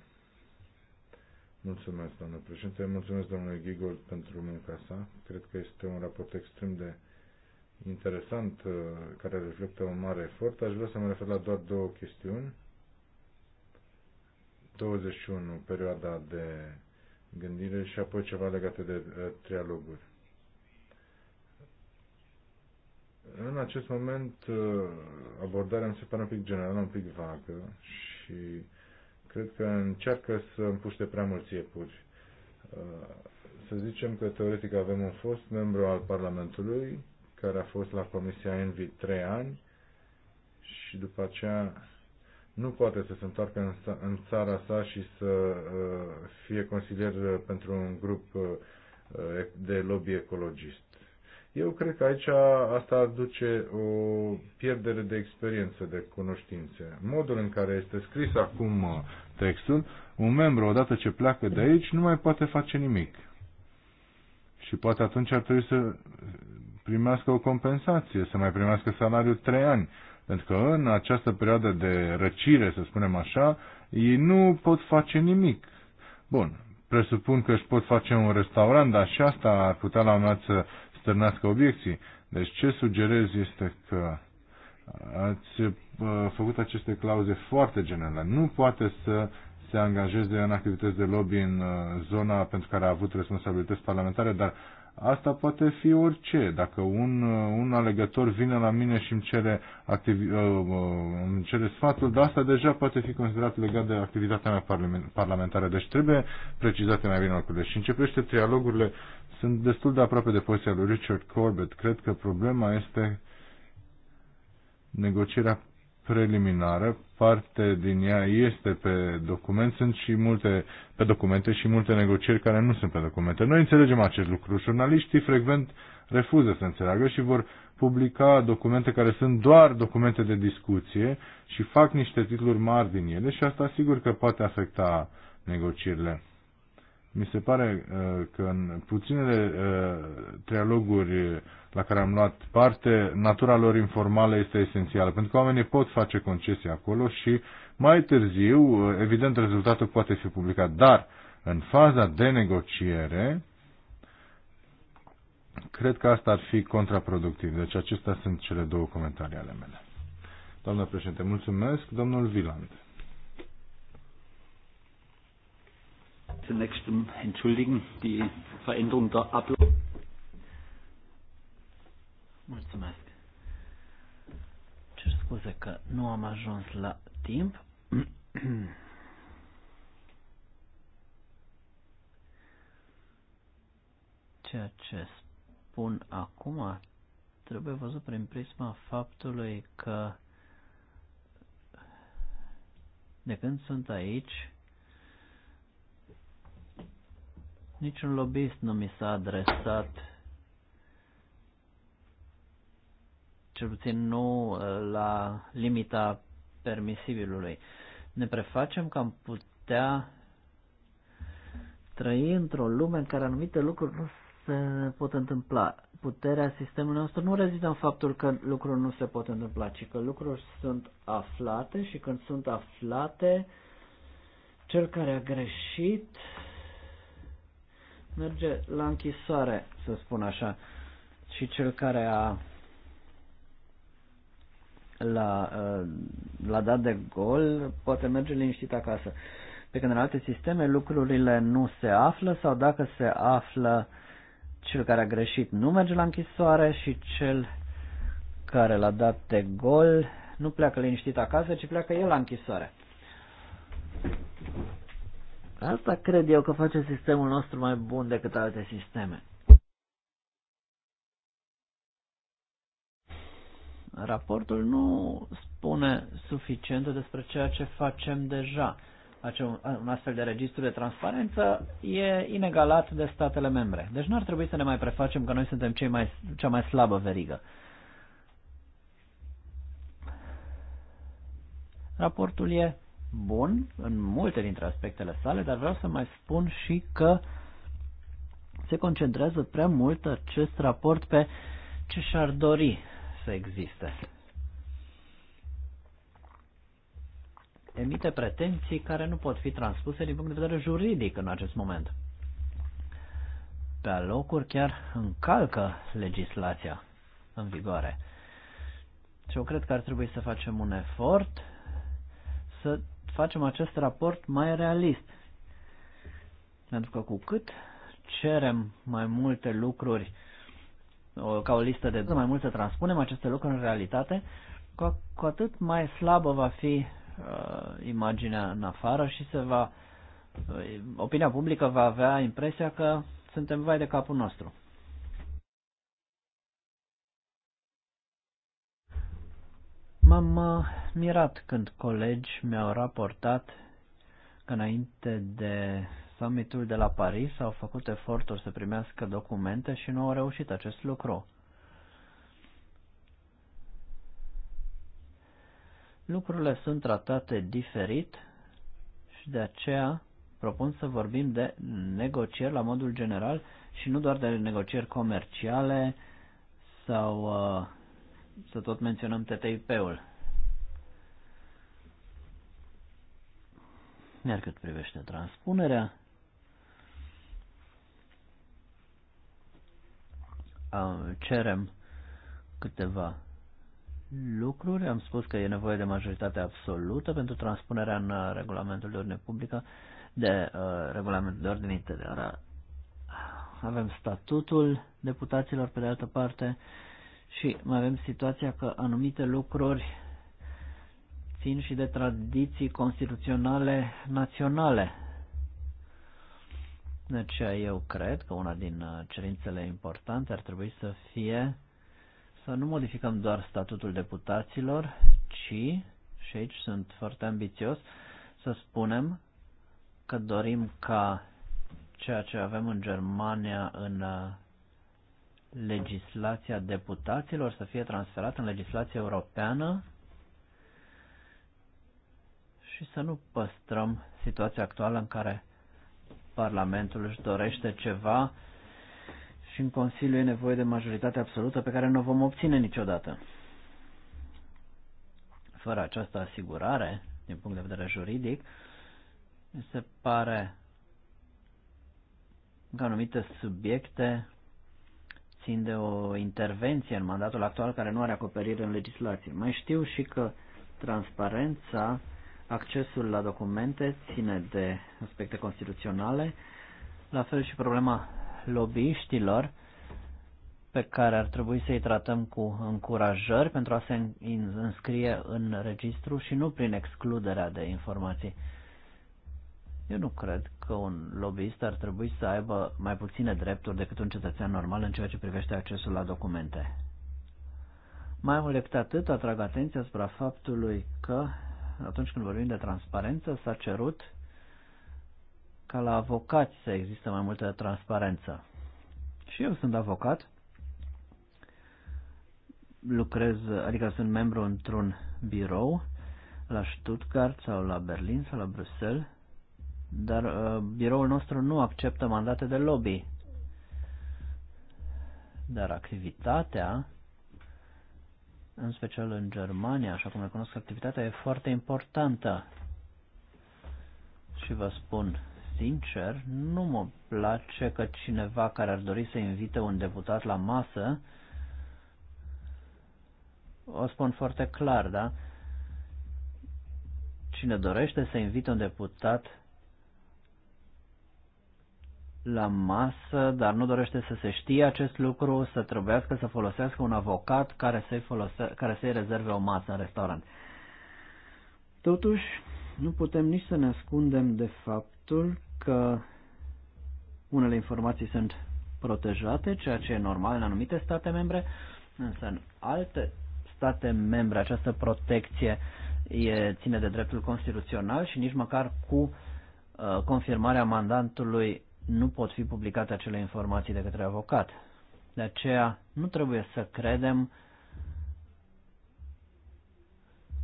Mulțumesc, domnule președinte. Mulțumesc, domnule Gigol, pentru munca sa. Cred că este un raport extrem de interesant, uh, care reflectă un mare efort. Aș vrea să mă refer la doar două chestiuni. 21, perioada de gândire și apoi ceva legate de uh, trialoguri. În acest moment uh, abordarea mi se pare un pic generală, un pic vagă și cred că încearcă să împuște prea mulți iepuri. Uh, eh, să zicem că teoretic avem un fost membru al Parlamentului care a fost la Comisia Envi 3 ani și după aceea nu poate să se întoarcă în, în țara sa și să uh, fie consilier uh, pentru un grup uh, de lobby ecologist. Eu cred că aici asta ar duce o pierdere de experiență, de cunoștințe. Modul în care este scris acum textul, un membru, odată ce pleacă de aici, nu mai poate face nimic. Și poate atunci ar trebui să primească o compensație, să mai primească salariul trei ani pentru că în această perioadă de răcire, să spunem așa, ei nu pot face nimic. Bun, presupun că își pot face un restaurant, dar și asta ar putea la un moment să stârnească obiecții. Deci ce sugerez este că ați uh, făcut aceste clauze foarte generale. Nu poate să se angajeze în activități de lobby în uh, zona pentru care a avut responsabilități parlamentare, dar Asta poate fi orice. Dacă un, un alegător vine la mine și îmi cere, activi, uh, uh, îmi cere sfatul, dar asta deja poate fi considerat legat de activitatea mea parlamentară. Deci trebuie precizate mai bine lucrurile. Și începește trialogurile. Sunt destul de aproape de poziția lui Richard Corbett. Cred că problema este negocierea preliminară, parte din ea este pe document, sunt și multe pe documente și multe negocieri care nu sunt pe documente. Noi înțelegem acest lucru. Jurnaliștii frecvent refuză să înțeleagă și vor publica documente care sunt doar documente de discuție și fac niște titluri mari din ele și asta sigur că poate afecta negocierile. Mi se pare uh, că în puținele uh, trialoguri la care am luat parte, natura lor informală este esențială, pentru că oamenii pot face concesii acolo și mai târziu, uh, evident, rezultatul poate fi publicat. Dar, în faza de negociere, cred că asta ar fi contraproductiv. Deci acestea sunt cele două comentarii ale mele. Doamnă președinte, mulțumesc. Domnul Viland. Zunächst um entschuldigen die Veränderung der Ablauf. Mulțumesc. Cer scuze că nu am ajuns la timp. Ceea ce spun acum trebuie văzut prin prisma faptului că de când sunt aici Niciun lobist nu mi s-a adresat, cel puțin nu uh, la limita permisibilului. Ne prefacem că am putea trăi într-o lume în care anumite lucruri nu se pot întâmpla. Puterea sistemului nostru nu rezidă în faptul că lucruri nu se pot întâmpla, ci că lucruri sunt aflate și când sunt aflate, cel care a greșit merge la închisoare, să spun așa. Și cel care a l-a, uh, l-a dat de gol poate merge liniștit acasă. Pe când în alte sisteme lucrurile nu se află sau dacă se află cel care a greșit nu merge la închisoare și cel care l-a dat de gol nu pleacă liniștit acasă, ci pleacă el la închisoare. Asta cred eu că face sistemul nostru mai bun decât alte sisteme. Raportul nu spune suficient despre ceea ce facem deja. Un astfel de registru de transparență e inegalat de statele membre. Deci nu ar trebui să ne mai prefacem că noi suntem cei mai, cea mai slabă verigă. Raportul e bun în multe dintre aspectele sale, dar vreau să mai spun și că se concentrează prea mult acest raport pe ce și-ar dori să existe. Emite pretenții care nu pot fi transpuse din punct de vedere juridic în acest moment. Pe locuri chiar încalcă legislația în vigoare. Și eu cred că ar trebui să facem un efort să facem acest raport mai realist. Pentru că cu cât cerem mai multe lucruri ca o listă de mai multe transpunem aceste lucruri în realitate, cu, cu atât mai slabă va fi uh, imaginea în afară și se va uh, opinia publică va avea impresia că suntem vai de capul nostru. M-am uh, mirat când colegi mi-au raportat că înainte de summitul de la Paris au făcut eforturi să primească documente și nu au reușit acest lucru. Lucrurile sunt tratate diferit și de aceea propun să vorbim de negocieri la modul general și nu doar de negocieri comerciale sau uh, să tot menționăm TTIP-ul. Iar cât privește transpunerea, cerem câteva lucruri. Am spus că e nevoie de majoritate absolută pentru transpunerea în regulamentul de ordine publică, de uh, regulamentul de ordine interioară. Avem statutul deputaților, pe de altă parte, și mai avem situația că anumite lucruri țin și de tradiții constituționale naționale. Deci eu cred că una din uh, cerințele importante ar trebui să fie să nu modificăm doar statutul deputaților, ci, și aici sunt foarte ambițios, să spunem că dorim ca ceea ce avem în Germania în uh, legislația deputaților să fie transferată în legislația europeană și să nu păstrăm situația actuală în care Parlamentul își dorește ceva și în Consiliu e nevoie de majoritate absolută pe care nu o vom obține niciodată. Fără această asigurare, din punct de vedere juridic, mi se pare că anumite subiecte țin de o intervenție în mandatul actual care nu are acoperire în legislație. Mai știu și că transparența, accesul la documente ține de aspecte constituționale, la fel și problema lobbyiștilor pe care ar trebui să-i tratăm cu încurajări pentru a se înscrie în registru și nu prin excluderea de informații. Eu nu cred că un lobbyist ar trebui să aibă mai puține drepturi decât un cetățean normal în ceea ce privește accesul la documente. Mai mult decât atât, atrag atenția asupra faptului că, atunci când vorbim de transparență, s-a cerut ca la avocați să există mai multă transparență. Și eu sunt avocat, lucrez, adică sunt membru într-un birou la Stuttgart sau la Berlin sau la Bruxelles dar uh, biroul nostru nu acceptă mandate de lobby. Dar activitatea, în special în Germania, așa cum recunosc activitatea, e foarte importantă. Și vă spun sincer, nu mă place că cineva care ar dori să invite un deputat la masă, o spun foarte clar, da? Cine dorește să invite un deputat la masă, dar nu dorește să se știe acest lucru, să trebuiască să folosească un avocat care să-i, folose- care să-i rezerve o masă în restaurant. Totuși, nu putem nici să ne ascundem de faptul că unele informații sunt protejate, ceea ce e normal în anumite state membre, însă în alte state membre această protecție e, ține de dreptul constituțional și nici măcar cu uh, confirmarea mandatului nu pot fi publicate acele informații de către avocat. De aceea nu trebuie să credem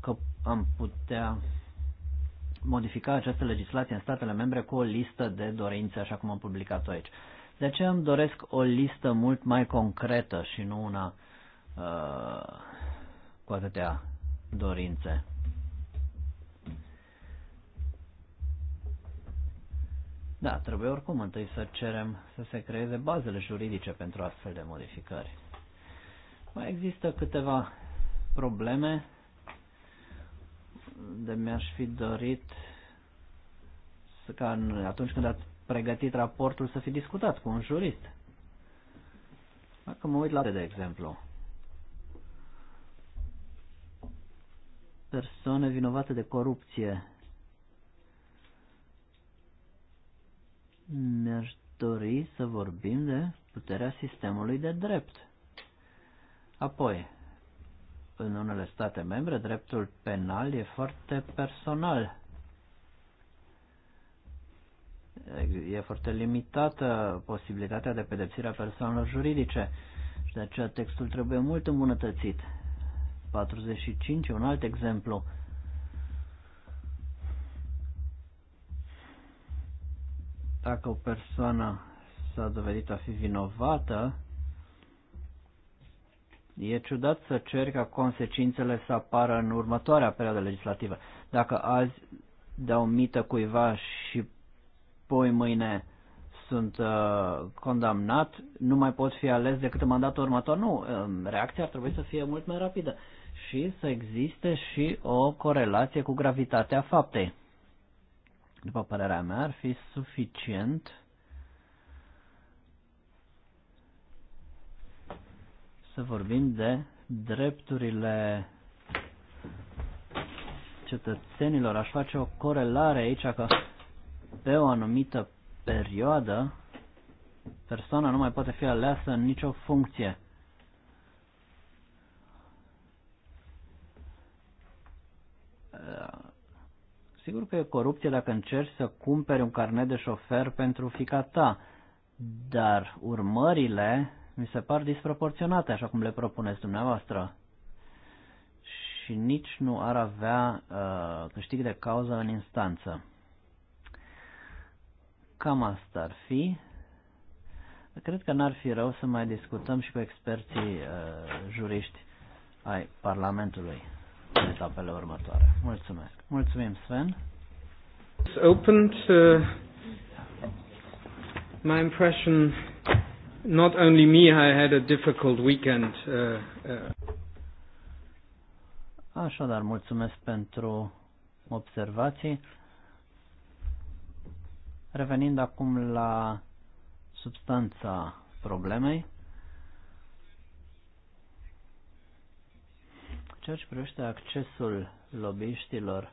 că am putea modifica această legislație în statele membre cu o listă de dorințe, așa cum am publicat-o aici. De aceea îmi doresc o listă mult mai concretă și nu una uh, cu atâtea dorințe. Da, trebuie oricum întâi să cerem să se creeze bazele juridice pentru astfel de modificări. Mai există câteva probleme de mi-aș fi dorit să, ca în, atunci când ați pregătit raportul să fi discutat cu un jurist. Dacă mă uit la de exemplu, persoane vinovate de corupție Mi-aș dori să vorbim de puterea sistemului de drept. Apoi, în unele state membre, dreptul penal e foarte personal. E foarte limitată posibilitatea de pedepsire a persoanelor juridice și de aceea textul trebuie mult îmbunătățit. 45 e un alt exemplu. Dacă o persoană s-a dovedit a fi vinovată, E ciudat să ceri ca consecințele să apară în următoarea perioadă legislativă. Dacă azi dau mită cuiva și poi mâine sunt uh, condamnat, nu mai pot fi ales decât în mandatul următor. Nu, um, reacția ar trebui să fie mult mai rapidă și să existe și o corelație cu gravitatea faptei după părerea mea, ar fi suficient să vorbim de drepturile cetățenilor. Aș face o corelare aici că pe o anumită perioadă persoana nu mai poate fi aleasă în nicio funcție. Sigur că e corupție dacă încerci să cumperi un carnet de șofer pentru fica ta, dar urmările mi se par disproporționate, așa cum le propuneți dumneavoastră. Și nici nu ar avea uh, câștig de cauză în instanță. Cam asta ar fi. Cred că n-ar fi rău să mai discutăm și cu experții uh, juriști ai Parlamentului în etapele următoare. Mulțumesc. Mulțumim, Sven. It's opened uh, my impression not only me I had a difficult weekend. Uh, uh. Așadar, mulțumesc pentru observații. Revenind acum la substanța problemei, ceea ce privește accesul lobiștilor,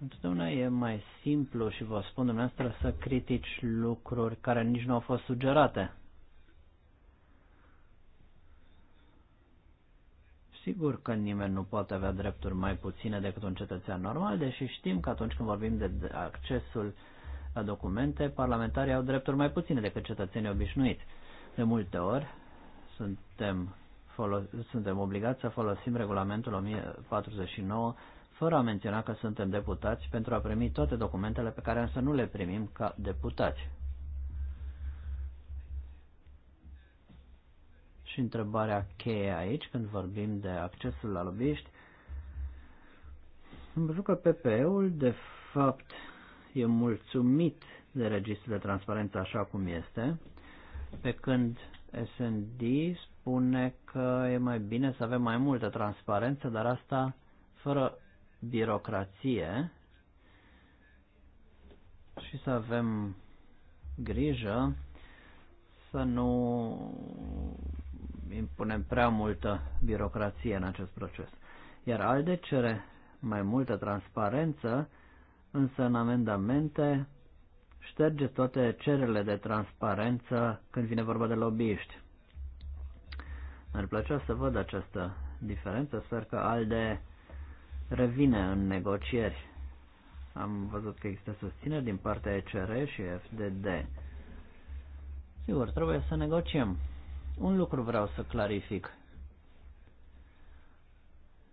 întotdeauna e mai simplu și vă spun dumneavoastră să critici lucruri care nici nu au fost sugerate. Sigur că nimeni nu poate avea drepturi mai puține decât un cetățean normal, deși știm că atunci când vorbim de accesul la documente, parlamentarii au drepturi mai puține decât cetățenii obișnuiți. De multe ori suntem suntem obligați să folosim regulamentul 1049 fără a menționa că suntem deputați pentru a primi toate documentele pe care însă nu le primim ca deputați. Și întrebarea cheie aici, când vorbim de accesul la lobbyști, am văzut că PPE-ul, de fapt, e mulțumit de registrul de transparență așa cum este, pe când SND spune că e mai bine să avem mai multă transparență, dar asta fără birocrație și să avem grijă să nu impunem prea multă birocrație în acest proces. Iar ALDE cere mai multă transparență, însă în amendamente șterge toate cererile de transparență când vine vorba de lobbyiști. Mi-ar plăcea să văd această diferență. Sper că ALDE revine în negocieri. Am văzut că există susținere din partea ECR și FDD. Sigur, trebuie să negociem. Un lucru vreau să clarific.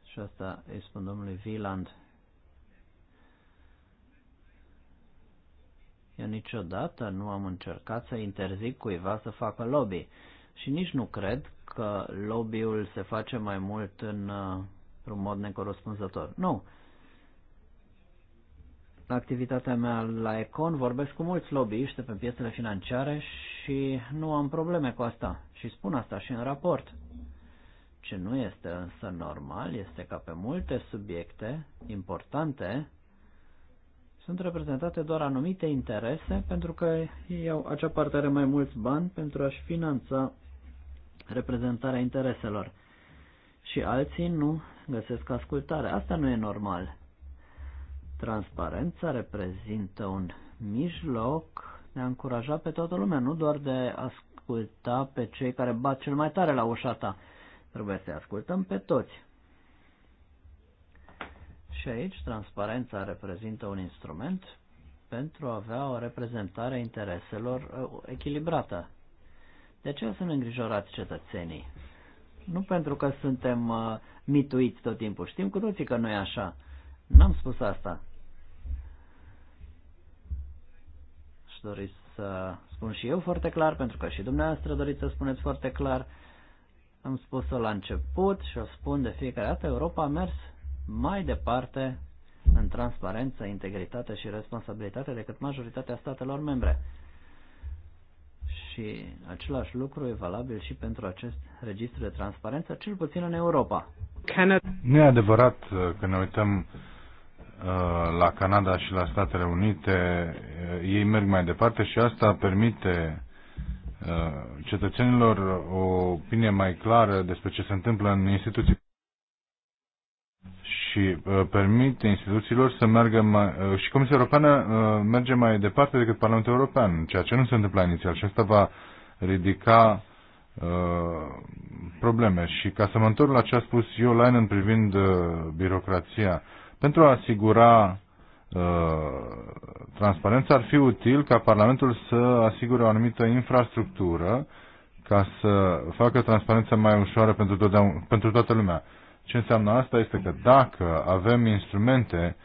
Și asta îi spun domnului Wieland. Eu niciodată nu am încercat să interzic cuiva să facă lobby și nici nu cred că lobby-ul se face mai mult în, uh, un mod necorespunzător. Nu. La activitatea mea la Econ vorbesc cu mulți lobbyiști pe piețele financiare și nu am probleme cu asta. Și spun asta și în raport. Ce nu este însă normal este ca pe multe subiecte importante sunt reprezentate doar anumite interese pentru că ei au acea parte are mai mulți bani pentru a-și finanța reprezentarea intereselor. Și alții nu găsesc ascultare. Asta nu e normal. Transparența reprezintă un mijloc de a încuraja pe toată lumea, nu doar de a asculta pe cei care bat cel mai tare la ușa ta. Trebuie să ascultăm pe toți. Și aici transparența reprezintă un instrument pentru a avea o reprezentare a intereselor uh, echilibrată. De aceea sunt îngrijorați cetățenii. Nu pentru că suntem uh, mituiți tot timpul. Știm cu toții că nu e așa. N-am spus asta. Și doriți să spun și eu foarte clar, pentru că și dumneavoastră doriți să spuneți foarte clar. Am spus-o la început și o spun de fiecare dată. Europa a mers mai departe în transparență, integritate și responsabilitate decât majoritatea statelor membre. Și același lucru e valabil și pentru acest registru de transparență, cel puțin în Europa. Nu e adevărat uh, că ne uităm uh, la Canada și la Statele Unite, uh, ei merg mai departe și asta permite cetățenilor o opinie mai clară despre ce se întâmplă în instituții și uh, permite instituțiilor să meargă mai, uh, și Comisia Europeană uh, merge mai departe decât Parlamentul European, ceea ce nu se întâmpla inițial și asta va ridica uh, probleme. Și ca să mă întorc la ce a spus eu, Leinen, privind uh, birocrația, pentru a asigura uh, transparența ar fi util ca Parlamentul să asigure o anumită infrastructură ca să facă transparența mai ușoară pentru, pentru toată lumea ce înseamnă asta este că dacă avem instrumente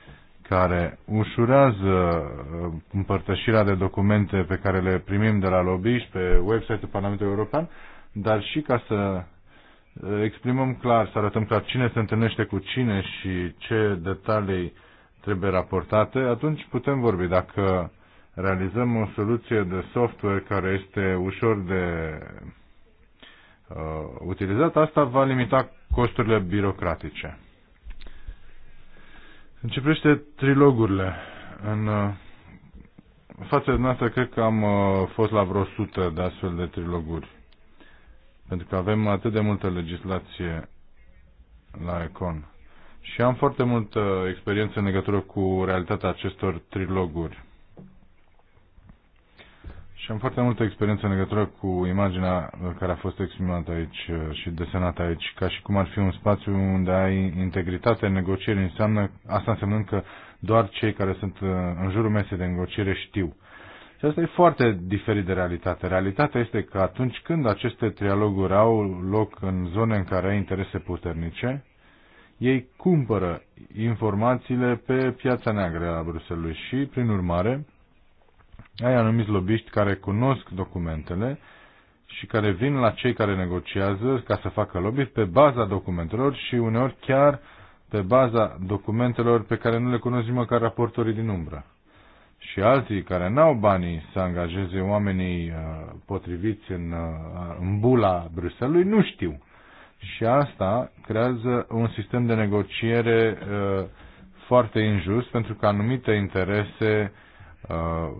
care ușurează uh, împărtășirea de documente pe care le primim de la lobbyiști pe website-ul Parlamentului European, dar și ca să uh, exprimăm clar, să arătăm clar cine se întâlnește cu cine și ce detalii trebuie raportate, atunci putem vorbi. Dacă realizăm o soluție de software care este ușor de uh, utilizat, asta va limita costurile birocratice. Începește trilogurile. În uh, fața de noastră cred că am uh, fost la vreo sută de astfel de triloguri. Pentru că avem atât de multă legislație la Econ. Și am foarte multă experiență în legătură cu realitatea acestor triloguri. Și am foarte multă experiență în legătură cu imaginea care a fost exprimată aici uh, și desenată aici, ca și cum ar fi un spațiu unde ai integritate în negocieri. Înseamnă, asta însemnând că doar cei care sunt uh, în jurul mesei de negociere știu. Și asta e foarte diferit de realitate. Realitatea este că atunci când aceste trialoguri au loc în zone în care ai interese puternice, ei cumpără informațiile pe piața neagră a Bruselului și, prin urmare, ai anumiți lobiști care cunosc documentele și care vin la cei care negociază ca să facă lobby pe baza documentelor și uneori chiar pe baza documentelor pe care nu le cunosc măcar raportorii din umbră. Și alții care n-au banii să angajeze oamenii uh, potriviți în, uh, în bula Bruselului nu știu. Și asta creează un sistem de negociere uh, foarte injust pentru că anumite interese uh, Uh,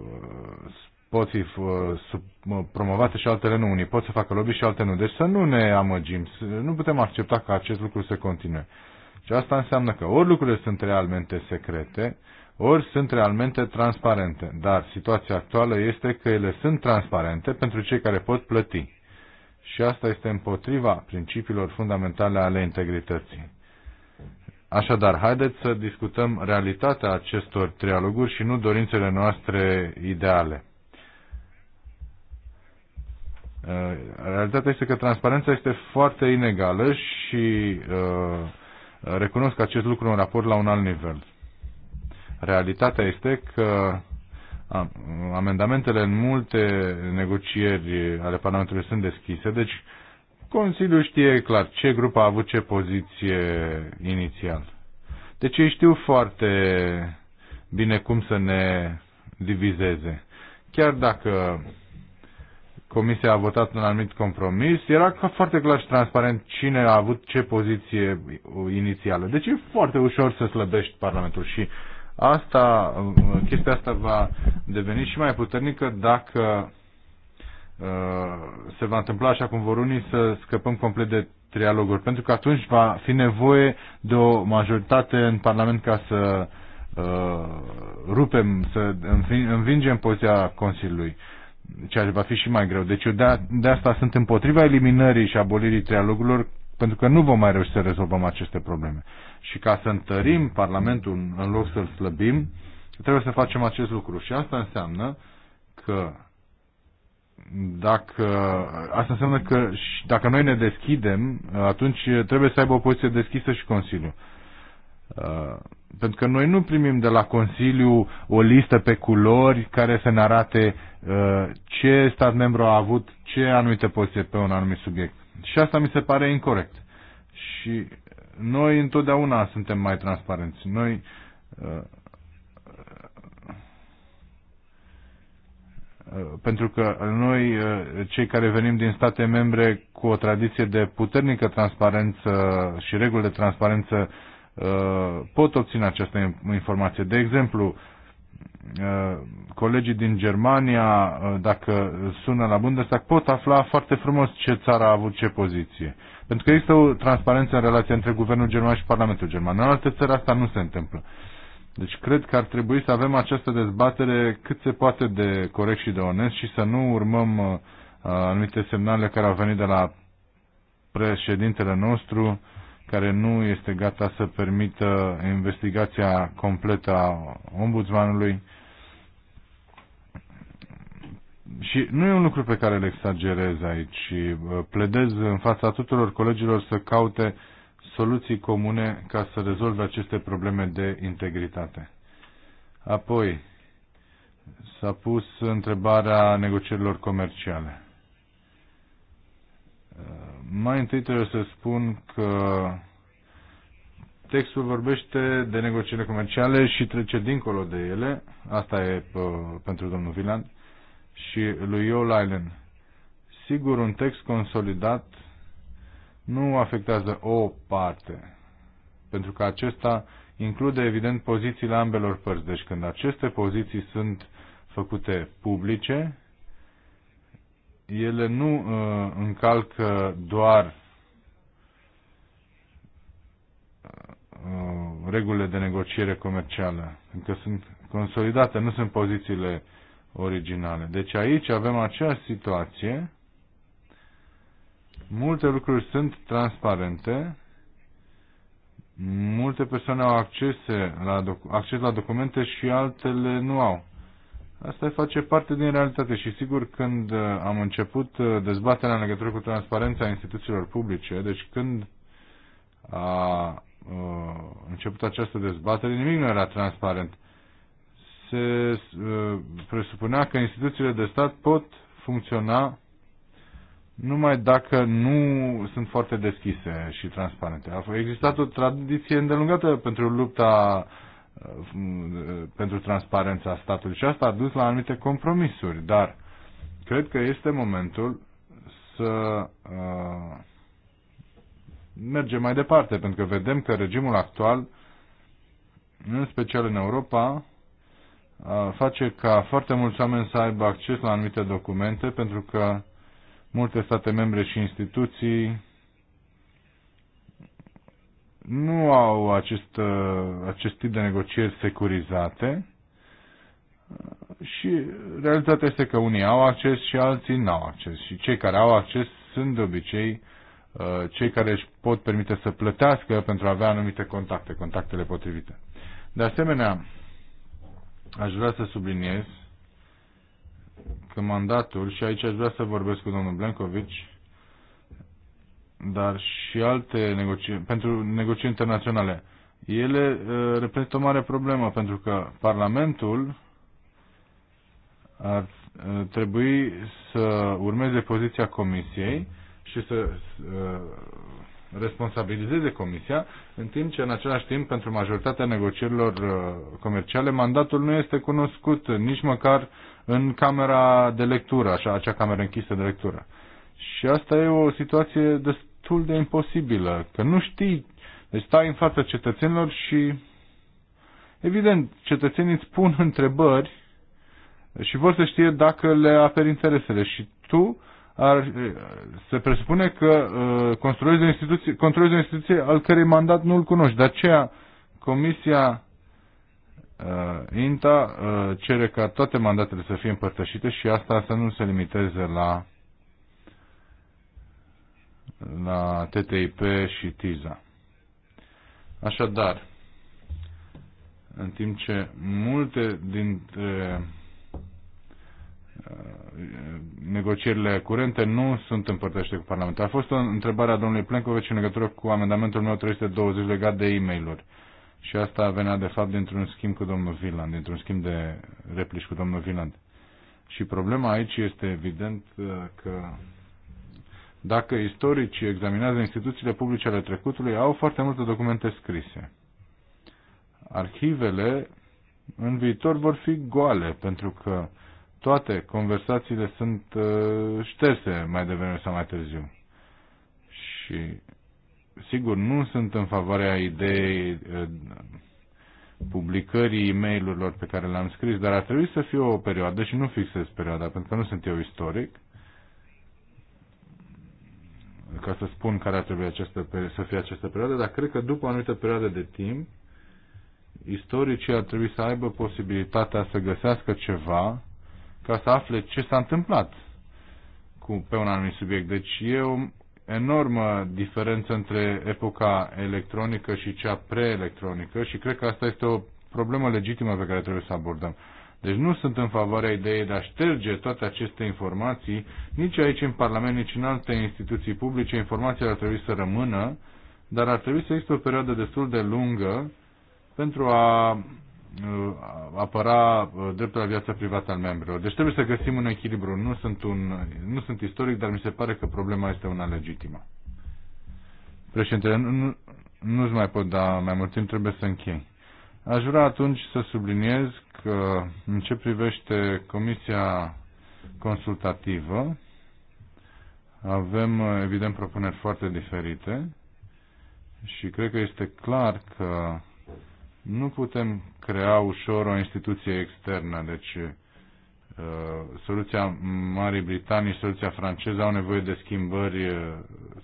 pot fi uh, promovate și altele nu. Unii pot să facă lobby și alte nu. Deci să nu ne amăgim. Nu putem accepta ca acest lucru să continue. Și asta înseamnă că ori lucrurile sunt realmente secrete, ori sunt realmente transparente. Dar situația actuală este că ele sunt transparente pentru cei care pot plăti. Și asta este împotriva principiilor fundamentale ale integrității. Așadar, haideți să discutăm realitatea acestor trialoguri și nu dorințele noastre ideale. Uh, realitatea este că transparența este foarte inegală și uh, recunosc acest lucru în raport la un alt nivel. Realitatea este că amendamentele în multe negocieri ale Parlamentului sunt deschise, deci Consiliul știe clar ce grup a avut ce poziție inițial. Deci ei știu foarte bine cum să ne divizeze. Chiar dacă Comisia a votat un anumit compromis, era ca foarte clar și transparent cine a avut ce poziție inițială. Deci e foarte ușor să slăbești Parlamentul și asta, chestia asta va deveni și mai puternică dacă se va întâmpla așa cum vor unii să scăpăm complet de trialoguri, pentru că atunci va fi nevoie de o majoritate în Parlament ca să uh, rupem, să învingem poziția Consiliului, ceea ce va fi și mai greu. Deci eu de, de asta sunt împotriva eliminării și abolirii trialogurilor, pentru că nu vom mai reuși să rezolvăm aceste probleme. Și ca să întărim Parlamentul în loc să-l slăbim, trebuie să facem acest lucru. Și asta înseamnă că dacă asta înseamnă că și dacă noi ne deschidem, atunci trebuie să aibă o poziție deschisă și Consiliul. Uh, pentru că noi nu primim de la Consiliu o listă pe culori care să ne arate uh, ce stat membru a avut ce anumite poziție pe un anumit subiect. Și asta mi se pare incorrect. Și noi întotdeauna suntem mai transparenți. Noi uh, pentru că noi, uh, cei care venim din state membre cu o tradiție de puternică transparență și reguli de transparență, uh, pot obține această informație. De exemplu, uh, colegii din Germania, dacă sună la Bundestag, pot afla foarte frumos ce țară a avut ce poziție. Pentru că există o transparență în relația între guvernul german și Parlamentul german. În alte țări asta nu se întâmplă. Uh, deci cred că ar trebui să avem această dezbatere cât se poate de corect și de onest și să nu urmăm uh, anumite semnale care au venit de la președintele nostru, care nu este gata să permită investigația completă a ombudsmanului. Și nu e un lucru pe care îl exagerez aici. Uh, pledez în fața tuturor colegilor să caute uh, soluții comune ca să rezolve aceste probleme de integritate. Apoi, s-a pus întrebarea negocierilor comerciale. Uh, mai întâi trebuie să spun că textul vorbește de negocierile comerciale și trece dincolo de ele. Asta e uh, pentru domnul Viland și lui Joe Lailen. Sigur, un text consolidat nu afectează o parte, pentru că acesta include, evident, pozițiile ambelor părți. Deci când aceste poziții sunt făcute publice, ele nu uh, încalcă doar uh, regulile de negociere comercială, încă că sunt consolidate, nu sunt pozițiile originale. Deci aici avem aceeași situație Multe lucruri sunt transparente, multe persoane au accese la acces la documente și altele nu au. Asta face parte din realitate și sigur când uh, am început uh, dezbaterea în legătură cu transparența instituțiilor publice, deci când a uh, început această dezbatere, nimic nu era transparent. Se presupunea că instituțiile de stat pot funcționa numai dacă nu sunt foarte deschise și transparente. A existat o tradiție îndelungată pentru lupta eh, pentru transparența statului și asta a dus la anumite compromisuri, dar cred că este momentul să uh, mergem mai departe, pentru că vedem că regimul actual, în special în Europa, uh, face ca foarte mulți oameni să aibă acces la anumite documente pentru că multe state membre și instituții nu au acest, uh, acest tip de negocieri securizate și realitatea este că unii au acces și alții nu au acces. Și cei care au acces sunt de obicei uh, cei care își pot permite să plătească pentru a avea anumite contacte, contactele potrivite. De asemenea, aș vrea să subliniez că mandatul, și aici aș vrea să vorbesc cu domnul Blancovici, dar și alte negocieri, pentru negocieri internaționale, ele uh, reprezintă o mare problemă, pentru că Parlamentul ar uh, trebui să urmeze poziția Comisiei și să uh, responsabilizeze Comisia, în timp ce în același timp pentru majoritatea negocierilor uh, comerciale mandatul nu este cunoscut nici măcar în camera de lectură, așa, acea cameră închisă de lectură. Și asta e o situație destul de imposibilă, că nu știi, deci stai în fața cetățenilor și evident, cetățenii îți pun întrebări și vor să știe dacă le aperi interesele și tu ar, eh, se presupune că uh, eh, controlezi, o instituție, controlezi o instituție al cărei mandat nu îl cunoști. De aceea Comisia uh, INTA uh, cere ca toate mandatele să fie împărtășite și asta să nu se limiteze la la TTIP și TISA. Așadar, în timp ce multe dintre Uh, negocierile curente nu sunt împărtășite cu Parlamentul. A fost o întrebare a domnului Plencoveci în legătură cu amendamentul meu 320 legat de e mail Și asta venea de fapt dintr-un schimb cu domnul Viland, dintr-un schimb de replici cu domnul Viland. Și problema aici este evident uh, că dacă istoricii examinează instituțiile publice ale trecutului, au foarte multe documente scrise. Arhivele în viitor vor fi goale, pentru că toate conversațiile sunt uh, șterse mai devreme sau mai târziu. Și sigur, nu sunt în favoarea ideii uh, publicării e pe care le-am scris, dar ar trebui să fie o perioadă și nu fixez perioada, pentru că nu sunt eu istoric, ca să spun care ar trebui această, să fie această perioadă, dar cred că după o anumită perioadă de timp, istoricii ar trebui să aibă posibilitatea să găsească ceva ca să afle ce s-a întâmplat cu, pe un anumit subiect. Deci e o enormă diferență între epoca electronică și cea preelectronică și cred că asta este o problemă legitimă pe care trebuie să abordăm. Deci nu sunt în favoarea ideii de a șterge toate aceste informații, nici aici în Parlament, nici în alte instituții publice, informațiile ar trebui să rămână, dar ar trebui să existe o perioadă destul de lungă pentru a Uh, apăra uh, dreptul la viața privată al membrilor. Deci trebuie să găsim un echilibru. Nu sunt, un, nu sunt istoric, dar mi se pare că problema este una legitimă. Președintele, nu, nu-ți mai pot da mai mult timp, trebuie să închei. Aș vrea atunci să subliniez că în ce privește Comisia Consultativă, avem evident propuneri foarte diferite și cred că este clar că nu putem crea ușor o instituție externă, deci uh, soluția Marii Britanii și soluția franceză au nevoie de schimbări uh,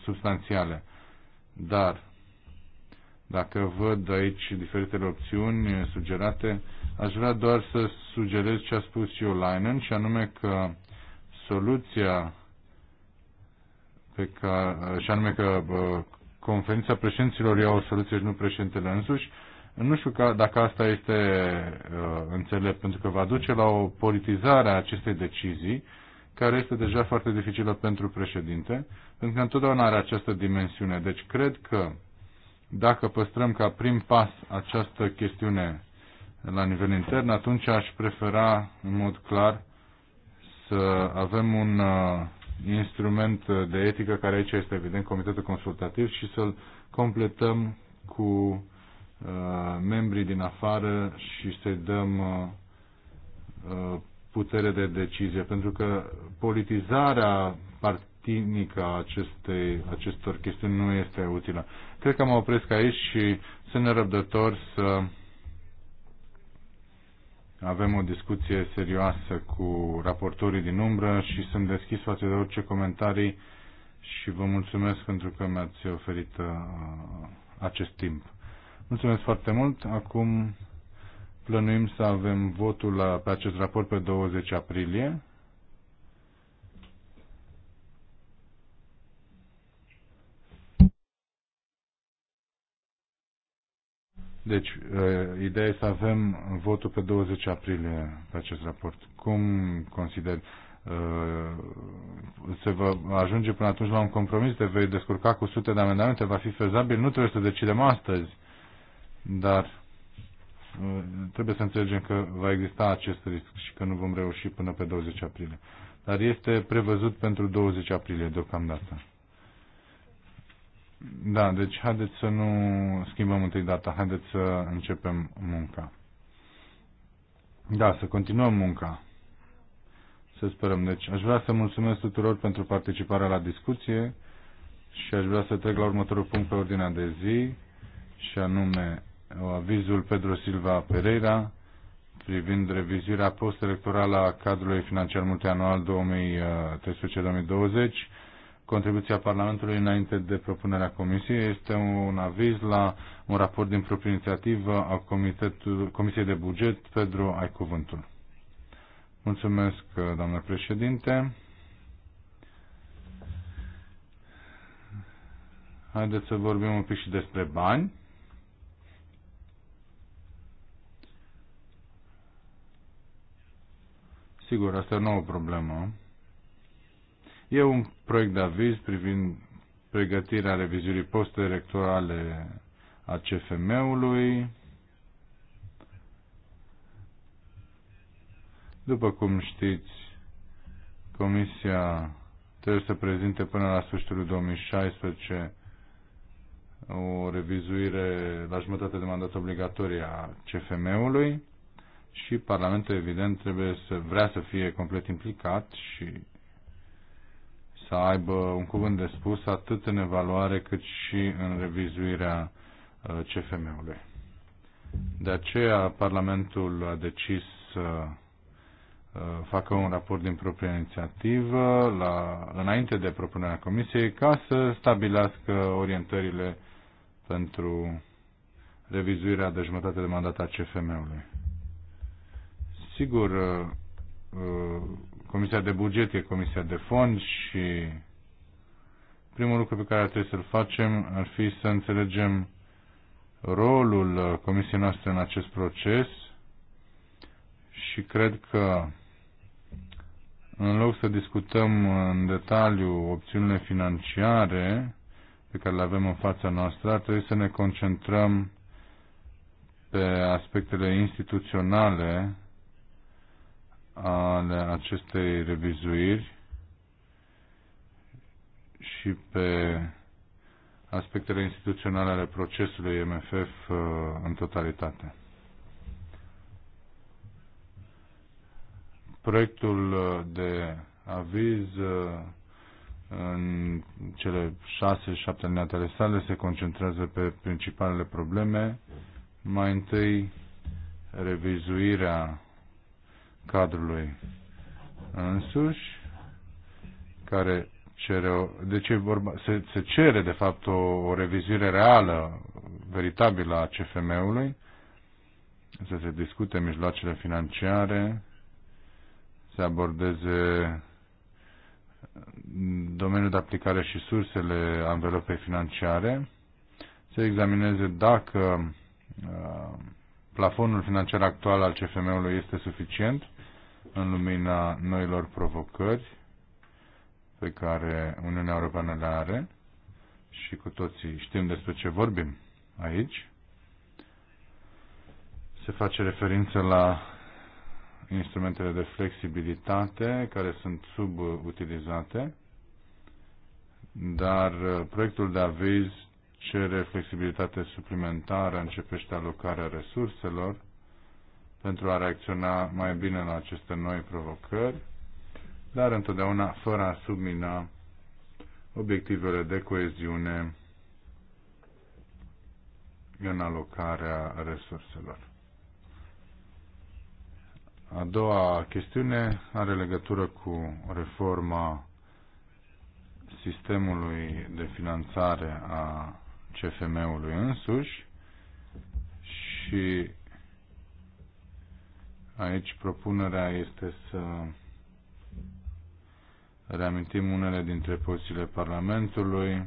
substanțiale. Dar dacă văd aici diferitele opțiuni uh, sugerate, aș vrea doar să sugerez ce a spus și Iolainen și anume că soluția pe care, și anume că conferința președinților ia o soluție și nu președintele însuși, nu știu că, dacă asta este uh, înțelept, pentru că va duce la o politizare a acestei decizii, care este deja foarte dificilă pentru președinte, pentru că întotdeauna are această dimensiune. Deci cred că dacă păstrăm ca prim pas această chestiune la nivel intern, atunci aș prefera în mod clar să avem un uh, instrument de etică care aici este evident comitetul consultativ și să-l completăm cu Uh, membrii din afară și să-i dăm uh, uh, putere de decizie, pentru că politizarea partinică a acestei, acestor chestiuni nu este utilă. Cred că mă opresc aici și sunt nerăbdător să avem o discuție serioasă cu raportorii din umbră și sunt deschis față de orice comentarii și vă mulțumesc pentru că mi-ați oferit acest timp. Mulțumesc foarte mult. Acum plănuim să avem votul la, pe acest raport pe 20 aprilie. Deci, uh, ideea este să avem votul pe 20 aprilie pe acest raport. Cum consider? Uh, se va ajunge până atunci la un compromis, te vei descurca cu sute de amendamente, va fi fezabil, nu trebuie să decidem astăzi dar uh, trebuie să înțelegem că va exista acest risc și că nu vom reuși până pe 20 aprilie. Dar este prevăzut pentru 20 aprilie deocamdată. Da, deci haideți să nu schimbăm întâi data, haideți să începem munca. Da, să continuăm munca. Să sperăm. Deci aș vrea să mulțumesc tuturor pentru participarea la discuție și aș vrea să trec la următorul punct pe ordinea de zi și anume avizul Pedro Silva Pereira privind revizuirea post-electorală a cadrului financiar multianual 2013-2020. Contribuția Parlamentului înainte de propunerea Comisiei este un aviz la un raport din proprie inițiativă a Comisiei de Buget. Pedro, ai cuvântul. Mulțumesc, doamnă președinte. Haideți să vorbim un pic și despre bani. Sigur, asta e o problemă. E un proiect de aviz privind pregătirea revizuirii post-electorale a CFM-ului. După cum știți, Comisia trebuie să prezinte până la sfârșitul 2016 o revizuire la jumătate de mandat obligatorie a CFM-ului și Parlamentul, evident, trebuie să vrea să fie complet implicat și să aibă un cuvânt de spus atât în evaluare cât și în revizuirea uh, CFM-ului. De aceea Parlamentul a decis să uh, facă un raport din propria inițiativă la, înainte de propunerea Comisiei ca să stabilească orientările pentru revizuirea de jumătate de mandat a CFM-ului. Sigur, uh, uh, Comisia de Buget e Comisia de Fond și primul lucru pe care ar trebui să-l facem ar fi să înțelegem rolul uh, Comisiei noastre în acest proces și cred că în loc să discutăm în detaliu opțiunile financiare pe care le avem în fața noastră, ar trebui să ne concentrăm pe aspectele instituționale ale acestei revizuiri și pe aspectele instituționale ale procesului MFF uh, în totalitate. Proiectul uh, de aviz uh, în cele șase, șapte ale sale se concentrează pe principalele probleme. Mai întâi, revizuirea cadrului însuși, care cere o, deci e vorba, se, se cere de fapt o, o revizuire reală, veritabilă a CFM-ului, să se discute mijloacele financiare, să abordeze domeniul de aplicare și sursele anvelopei financiare, să examineze dacă uh, plafonul financiar actual al CFM-ului este suficient în lumina noilor provocări pe care Uniunea Europeană le are și cu toții știm despre ce vorbim aici. Se face referință la instrumentele de flexibilitate care sunt subutilizate, dar uh, proiectul de aviz cere flexibilitate suplimentară, începește alocarea resurselor, pentru a reacționa mai bine la aceste noi provocări, dar întotdeauna fără a submina obiectivele de coeziune în alocarea resurselor. A doua chestiune are legătură cu reforma sistemului de finanțare a CFM-ului însuși și Aici propunerea este să reamintim unele dintre pozițiile Parlamentului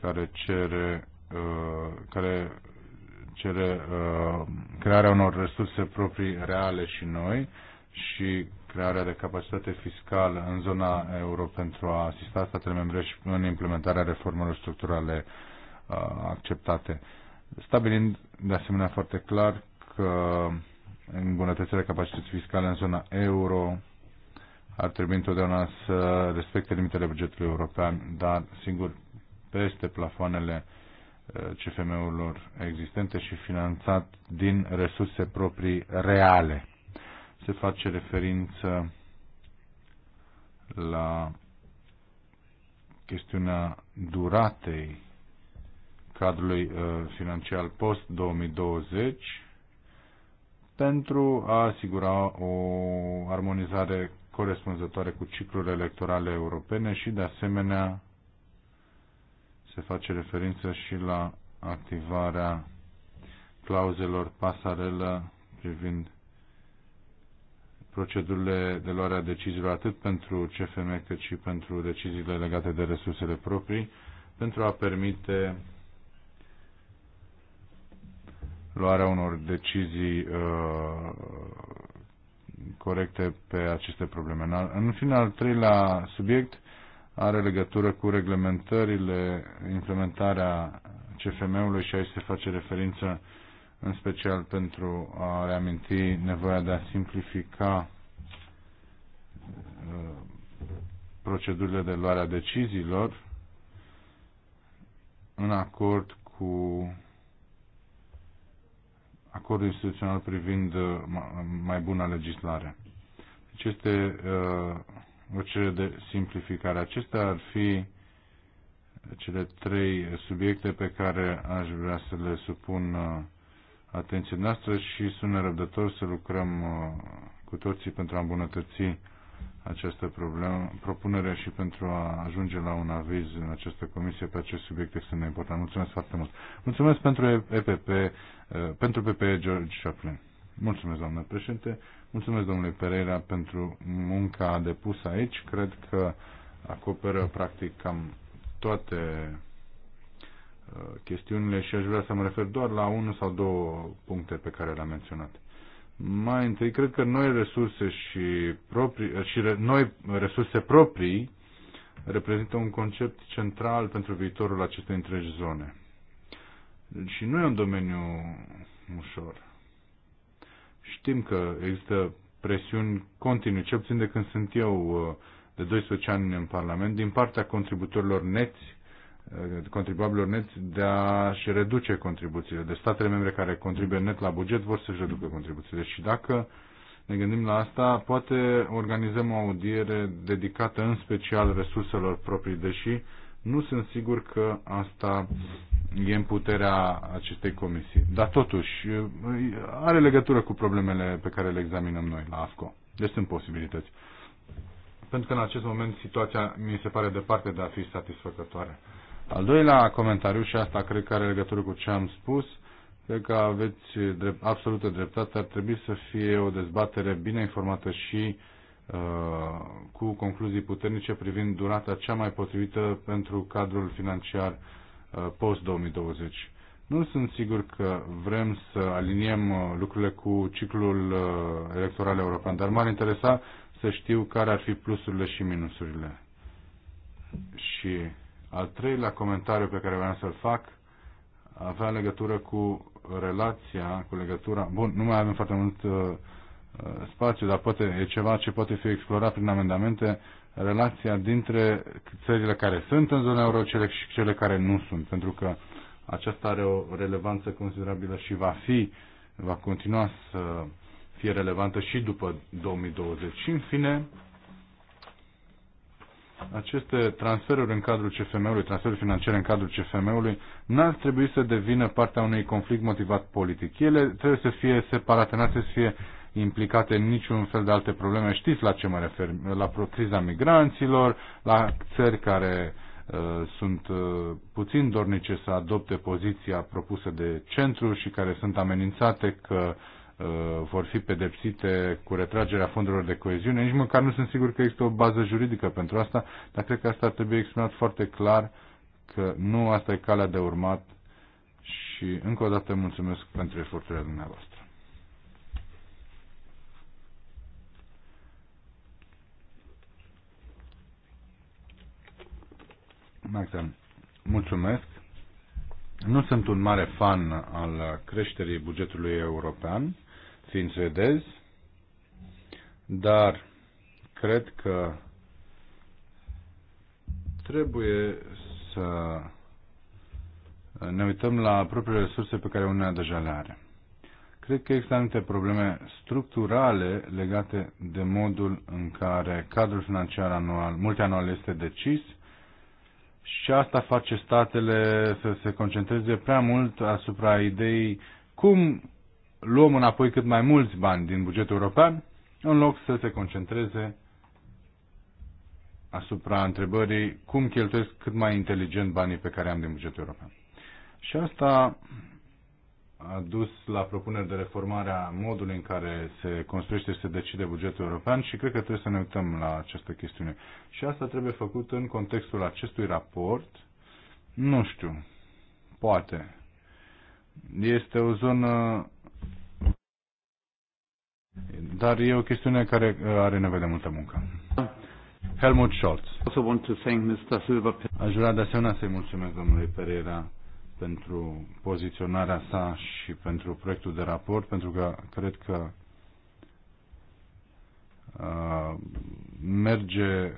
care cere, uh, care cere uh, crearea unor resurse proprii reale și noi și crearea de capacitate fiscală în zona euro pentru a asista statele membre și în implementarea reformelor structurale uh, acceptate. Uh, stabilind de asemenea foarte clar că îmbunătățirea capacității fiscale în zona euro ar trebui întotdeauna să respecte limitele bugetului european, dar, singur peste plafoanele uh, CFM-urilor existente și finanțat din resurse proprii reale. Se face referință la chestiunea duratei cadrului uh, financiar post-2020 pentru a asigura o armonizare corespunzătoare cu ciclurile electorale europene și, de asemenea, se face referință și la activarea clauzelor pasarelă privind procedurile de luare a deciziilor atât pentru CFM cât și pentru deciziile legate de resursele proprii pentru a permite luarea unor decizii uh, corecte pe aceste probleme. În final, treilea subiect are legătură cu reglementările, implementarea CFM-ului și aici se face referință în special pentru a reaminti nevoia de a simplifica uh, procedurile de luare a deciziilor în acord cu acordul instituțional privind uh, mai bună legislare. Deci este uh, o cerere de simplificare. Acestea ar fi cele trei subiecte pe care aș vrea să le supun uh, atenție noastră și sunt nerăbdător să lucrăm cu toții pentru a îmbunătăți această problemă, propunere și pentru a ajunge la un aviz în această comisie pe acest subiect este de important. Mulțumesc foarte mult. Mulțumesc pentru EPP, eh, pentru PP George Chaplin. Mulțumesc, doamnă președinte. Mulțumesc, domnule Pereira, pentru munca depusă aici. Cred că acoperă practic cam toate eh, chestiunile și aș vrea să mă refer doar la unul sau două puncte pe care le-am menționat. Mai întâi, cred că noi resurse și, proprii, și re, noi resurse proprii reprezintă un concept central pentru viitorul acestei întregi zone. Și nu e un domeniu ușor. Știm că există presiuni continue, Ce obțin de când sunt eu uh, de 12 ani în Parlament, din partea contributorilor neți Uh, contribuabilor net de a-și reduce contribuțiile. Deci statele membre care contribuie net la buget vor să-și reducă contribuțiile. Deci și dacă ne gândim la asta, poate organizăm o audiere dedicată în special resurselor proprii, deși nu sunt sigur că asta e în puterea acestei comisii. Dar totuși, uh, are legătură cu problemele pe care le examinăm noi la ASCO. Deci sunt posibilități. Pentru că în acest moment situația mi se pare departe de a fi satisfăcătoare. Al doilea comentariu, și asta cred că are legătură cu ce am spus, cred că aveți drept, absolută dreptate, ar trebui să fie o dezbatere bine informată și uh, cu concluzii puternice privind durata cea mai potrivită pentru cadrul financiar uh, post-2020. Nu sunt sigur că vrem să aliniem uh, lucrurile cu ciclul uh, electoral european, dar m-ar interesa să știu care ar fi plusurile și minusurile. Și al treilea comentariu pe care vreau să-l fac avea legătură cu relația, cu legătura... Bun, nu mai avem foarte mult uh, uh spațiu, dar poate e ceva ce poate fi explorat prin amendamente, relația dintre țările care sunt în zona euro cele și cele care nu sunt, pentru că aceasta are o relevanță considerabilă și va fi, va continua să fie relevantă și după 2020. Și în fine, aceste transferuri în cadrul CFM-ului, transferuri financiare în cadrul CFM-ului, n-ar trebui să devină partea unui conflict motivat politic. Ele trebuie să fie separate, n-ar trebui să fie implicate în niciun fel de alte probleme. Știți la ce mă refer? La criza migranților, la țări care uh, sunt uh, puțin dornice să adopte poziția propusă de centru și care sunt amenințate că uh, Uh, vor fi pedepsite cu retragerea fondurilor de coeziune. Nici măcar nu sunt sigur că există o bază juridică pentru asta, dar cred că asta ar trebui exprimat foarte clar că nu asta e calea de urmat și încă o dată mulțumesc pentru eforturile dumneavoastră. Maxim, mulțumesc. Nu sunt un mare fan al creșterii bugetului european, fiind suedez, dar cred că trebuie să ne uităm la propriile resurse pe care unele deja le are. Cred că există anumite probleme structurale legate de modul în care cadrul financiar anual, multianual este decis și asta face statele să se concentreze prea mult asupra ideii cum luăm înapoi cât mai mulți bani din bugetul european, în loc să se concentreze asupra întrebării cum cheltuiesc cât mai inteligent banii pe care am din bugetul european. Și asta a dus la propuneri de reformare a modului în care se construiește și se decide bugetul european și cred că trebuie să ne uităm la această chestiune. Și asta trebuie făcut în contextul acestui raport. Nu știu, poate. Este o zonă dar e o chestiune care uh, are nevoie de multă muncă. Helmut Scholz. Aș vrea de asemenea să-i mulțumesc domnului Pereira pentru poziționarea sa și pentru proiectul de raport, pentru că cred că uh, merge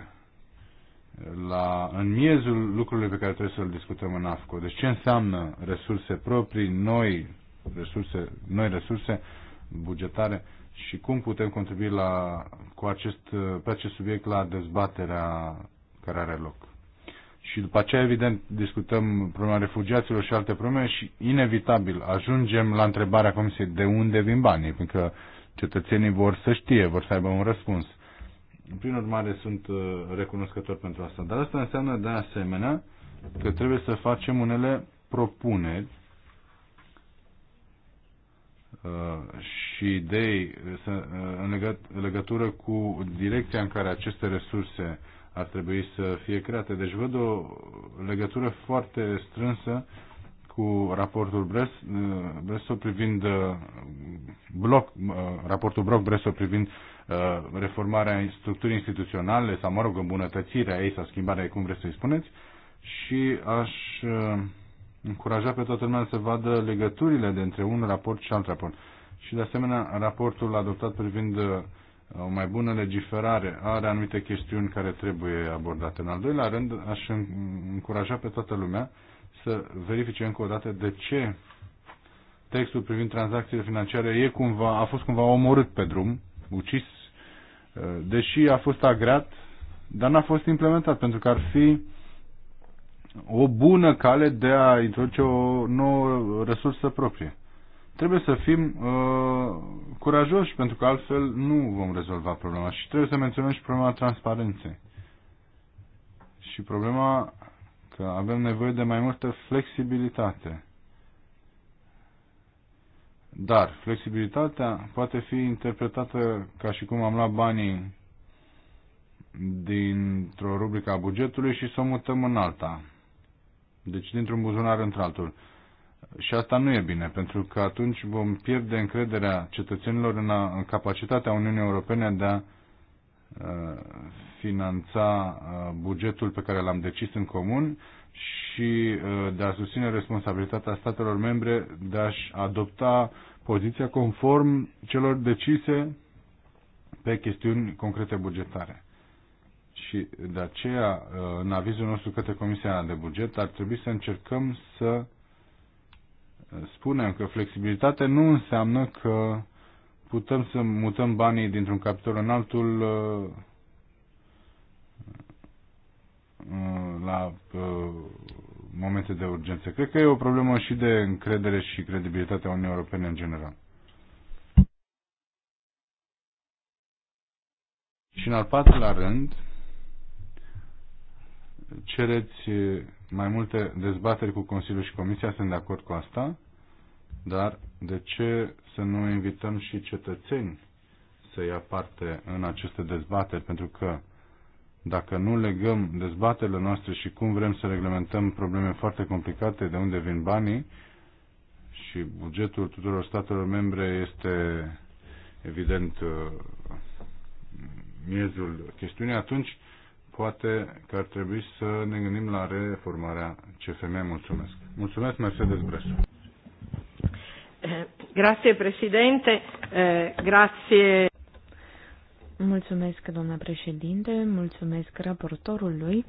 la, în miezul lucrurilor pe care trebuie să-l discutăm în AFCO. Deci ce înseamnă resurse proprii, noi resurse, noi resurse bugetare și cum putem contribui la, cu acest, pe acest subiect la dezbaterea care are loc. Și după aceea, evident, discutăm problema refugiaților și alte probleme și, inevitabil, ajungem la întrebarea Comisiei de unde vin banii, pentru că cetățenii vor să știe, vor să aibă un răspuns. Prin urmare, sunt uh, recunoscător pentru asta. Dar asta înseamnă, de asemenea, că trebuie să facem unele propuneri Uh, și idei uh, uh, în legăt, legătură cu direcția în care aceste resurse ar trebui să fie create. Deci văd o legătură foarte strânsă cu raportul Bres, Bresso privind bloc, raportul Broc Bresso privind reformarea structurii instituționale sau, mă rog, îmbunătățirea ei sau schimbarea ei, cum vreți să-i spuneți, și aș încuraja pe toată lumea să vadă legăturile de între un raport și alt raport. Și de asemenea, raportul adoptat privind uh, o mai bună legiferare are anumite chestiuni care trebuie abordate. În al doilea rând, aș încuraja pe toată lumea să verifice încă o dată de ce textul privind tranzacțiile financiare e cumva, a fost cumva omorât pe drum, ucis, uh, deși a fost agreat, dar n-a fost implementat, pentru că ar fi o bună cale de a introduce o nouă resursă proprie. Trebuie să fim uh, curajoși, pentru că altfel nu vom rezolva problema. Și trebuie să menționăm și problema transparenței. Și problema că avem nevoie de mai multă flexibilitate. Dar flexibilitatea poate fi interpretată ca și cum am luat banii dintr-o rubrică a bugetului și să o mutăm în alta. Deci dintr-un buzunar într-altul. Și asta nu e bine, pentru că atunci vom pierde încrederea cetățenilor în, a, în capacitatea Uniunii Europene de a uh, finanța uh, bugetul pe care l-am decis în comun și uh, de a susține responsabilitatea statelor membre de a-și adopta poziția conform celor decise pe chestiuni concrete bugetare. Și de aceea, uh, în avizul nostru către Comisia de Buget, ar trebui să încercăm să uh, spunem că flexibilitate nu înseamnă că putem să mutăm banii dintr-un capitol în altul uh, la momente de urgență. Cred că e o problemă și de încredere și credibilitatea Uniunii Europene în general. Și în al patrulea rând, cereți mai multe dezbateri cu Consiliul și Comisia, sunt de acord cu asta, dar de ce să nu invităm și cetățeni să ia parte în aceste dezbateri? Pentru că dacă nu legăm dezbaterile noastre și cum vrem să reglementăm probleme foarte complicate, de unde vin banii, și bugetul tuturor statelor membre este evident uh, miezul chestiunii, atunci poate că ar trebui să ne gândim la reformarea CFM. Mulțumesc. Mulțumesc, Mercedes Bresu. Eh, grazie, președinte. Eh, grazie. Mulțumesc, doamna președinte, mulțumesc raportorului,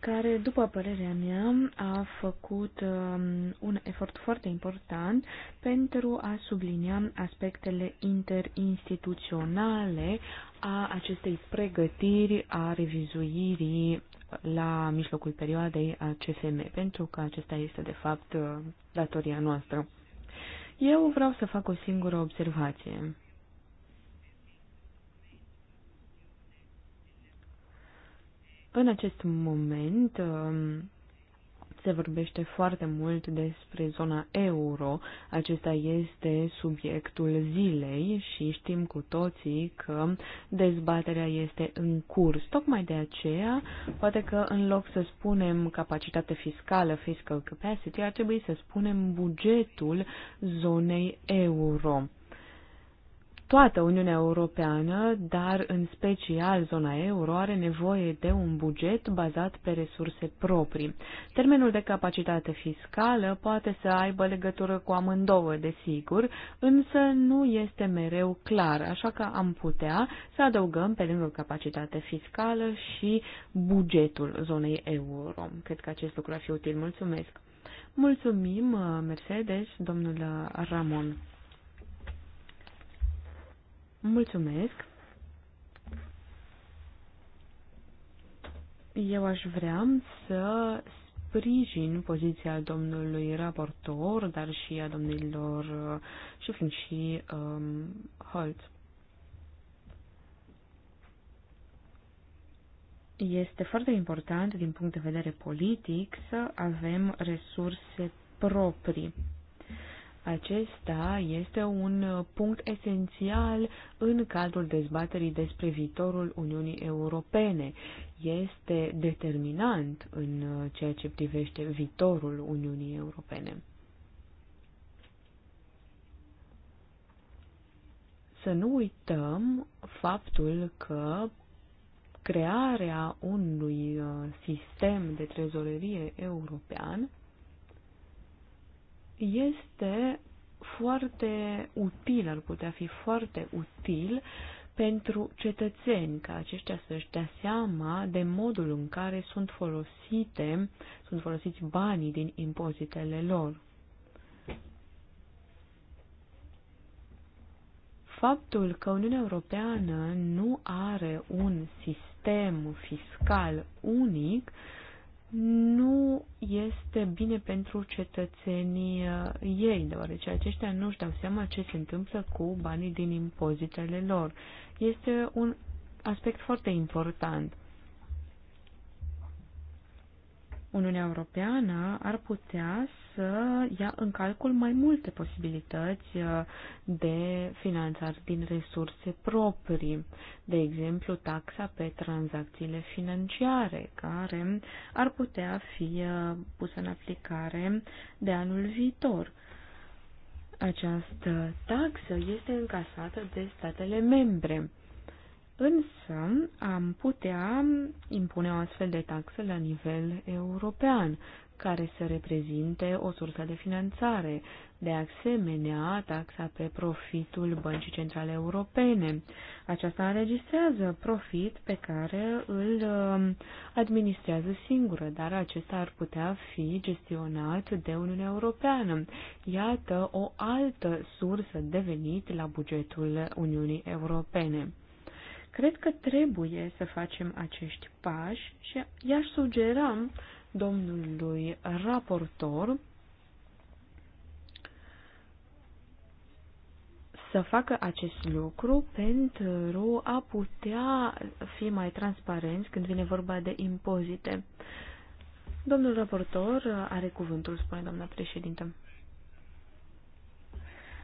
care, după părerea mea, a făcut um, un efort foarte important pentru a sublinia aspectele interinstituționale a acestei pregătiri a revizuirii la mijlocul perioadei a CFM, pentru că acesta este, de fapt, datoria noastră. Eu vreau să fac o singură observație. În acest moment, se vorbește foarte mult despre zona euro. Acesta este subiectul zilei și știm cu toții că dezbaterea este în curs. Tocmai de aceea, poate că în loc să spunem capacitate fiscală, fiscal capacity, ar trebui să spunem bugetul zonei euro Toată Uniunea Europeană, dar în special zona euro, are nevoie de un buget bazat pe resurse proprii. Termenul de capacitate fiscală poate să aibă legătură cu amândouă, desigur, însă nu este mereu clar, așa că am putea să adăugăm pe lângă capacitate fiscală și bugetul zonei euro. Cred că acest lucru ar fi util. Mulțumesc! Mulțumim, uh, Mercedes, domnul uh, Ramon. Mulțumesc. Eu aș vrea să sprijin poziția domnului raportor, dar și a domnilor Șifrin și um, Holt. Este foarte important din punct de vedere politic să avem resurse proprii acesta este un punct esențial în cadrul dezbaterii despre viitorul Uniunii Europene. Este determinant în ceea ce privește viitorul Uniunii Europene. Să nu uităm faptul că crearea unui uh, sistem de trezorerie european este foarte util, ar putea fi foarte util pentru cetățeni, ca aceștia să-și dea seama de modul în care sunt folosite, sunt folosiți banii din impozitele lor. Faptul că Uniunea Europeană nu are un sistem fiscal unic uh, nu este bine pentru cetățenii uh, ei, deoarece aceștia nu își dau seama ce se întâmplă cu banii din impozitele lor. Este un aspect foarte important. Uniunea Europeană ar putea să ia în calcul mai multe posibilități uh, de finanțare din resurse proprii, de exemplu taxa pe tranzacțiile financiare, care ar putea fi uh, pusă în aplicare de anul viitor. Această taxă este încasată de statele membre Însă am putea impune o astfel de taxă la nivel european, care să reprezinte o sursă de finanțare, de asemenea taxa pe profitul Băncii Centrale Europene. Aceasta înregistrează profit pe care îl um, administrează singură, dar acesta ar putea fi gestionat de Uniunea Europeană. Iată o altă sursă de venit la bugetul Uniunii Europene. Cred că trebuie să facem acești pași și i-aș sugera domnului raportor să facă acest lucru pentru a putea fi mai transparenți când vine vorba de impozite. Domnul raportor are cuvântul, spune doamna președintă.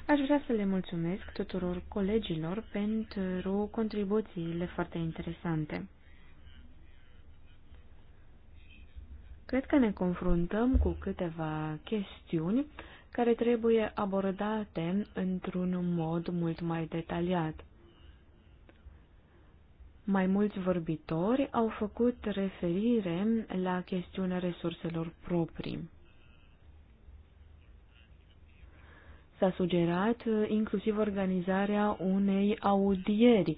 Aș vrea să le mulțumesc tuturor colegilor pentru contribuțiile foarte interesante. Cred că ne confruntăm cu câteva chestiuni care trebuie abordate într-un mod mult mai detaliat. Mai mulți vorbitori au făcut referire la chestiunea resurselor proprii. S-a sugerat uh, inclusiv organizarea unei audieri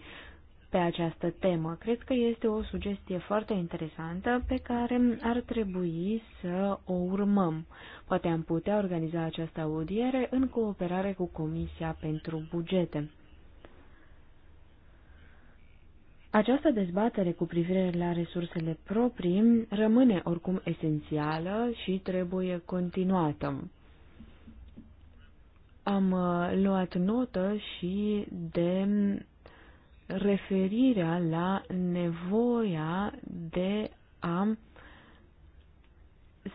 pe această temă. Cred că este o sugestie foarte interesantă pe care ar trebui să o urmăm. Poate am putea organiza această audiere în cooperare cu Comisia pentru Bugete. Această dezbatere cu privire la resursele proprii rămâne oricum esențială și trebuie continuată. Am uh, luat notă și de referirea la nevoia de a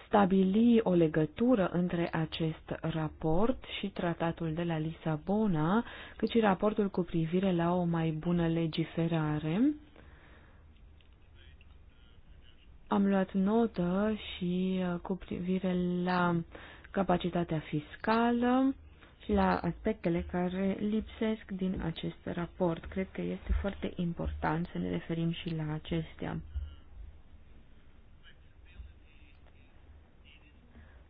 stabili o legătură între acest raport și tratatul de la Lisabona, cât și raportul cu privire la o mai bună legiferare. Am luat notă și uh, cu privire la capacitatea fiscală, la aspectele care lipsesc din acest raport. Cred că este foarte important să ne referim și la acestea.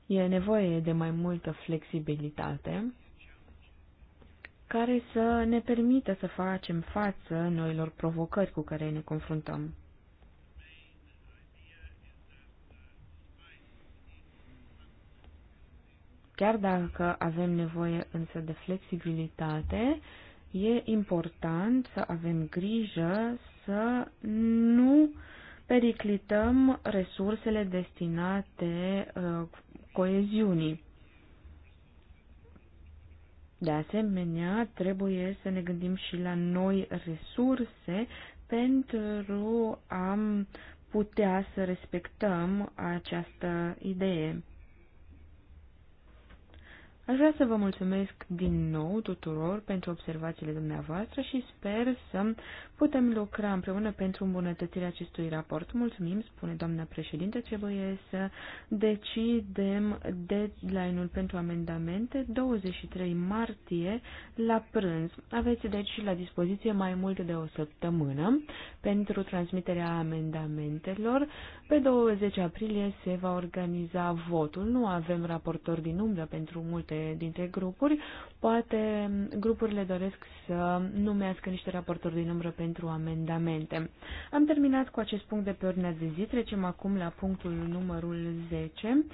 E nevoie de mai multă flexibilitate care să ne permită să facem față noilor provocări cu care ne confruntăm. Chiar dacă avem nevoie însă de flexibilitate, e important să avem grijă să nu periclităm resursele destinate uh, coeziunii. De asemenea, trebuie să ne gândim și la noi resurse pentru a putea să respectăm această idee. Aș vrea să vă mulțumesc din nou tuturor pentru observațiile dumneavoastră și sper să Putem lucra împreună pentru îmbunătățirea acestui raport. Mulțumim, spune doamna președinte, trebuie să decidem deadline-ul pentru amendamente 23 martie la prânz. Aveți deci la dispoziție mai mult de o săptămână pentru transmiterea amendamentelor. Pe 20 aprilie se va organiza votul. Nu avem raportori din umbră pentru multe dintre grupuri. Poate grupurile doresc să numească niște raportori din umbră pentru pentru amendamente. Am terminat cu acest punct de pe ordinea de zi. Trecem acum la punctul numărul 10.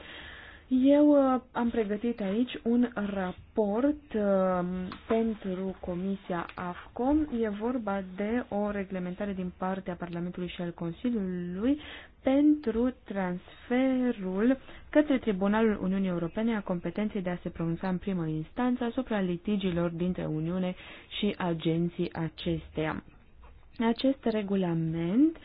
Eu uh, am pregătit aici un raport uh, pentru Comisia AFCOM. E vorba de o reglementare din partea Parlamentului și al Consiliului pentru transferul către Tribunalul Uniunii Europene a competenței de a se pronunța în primă instanță asupra litigiilor dintre Uniune și agenții acesteia. Acest regulament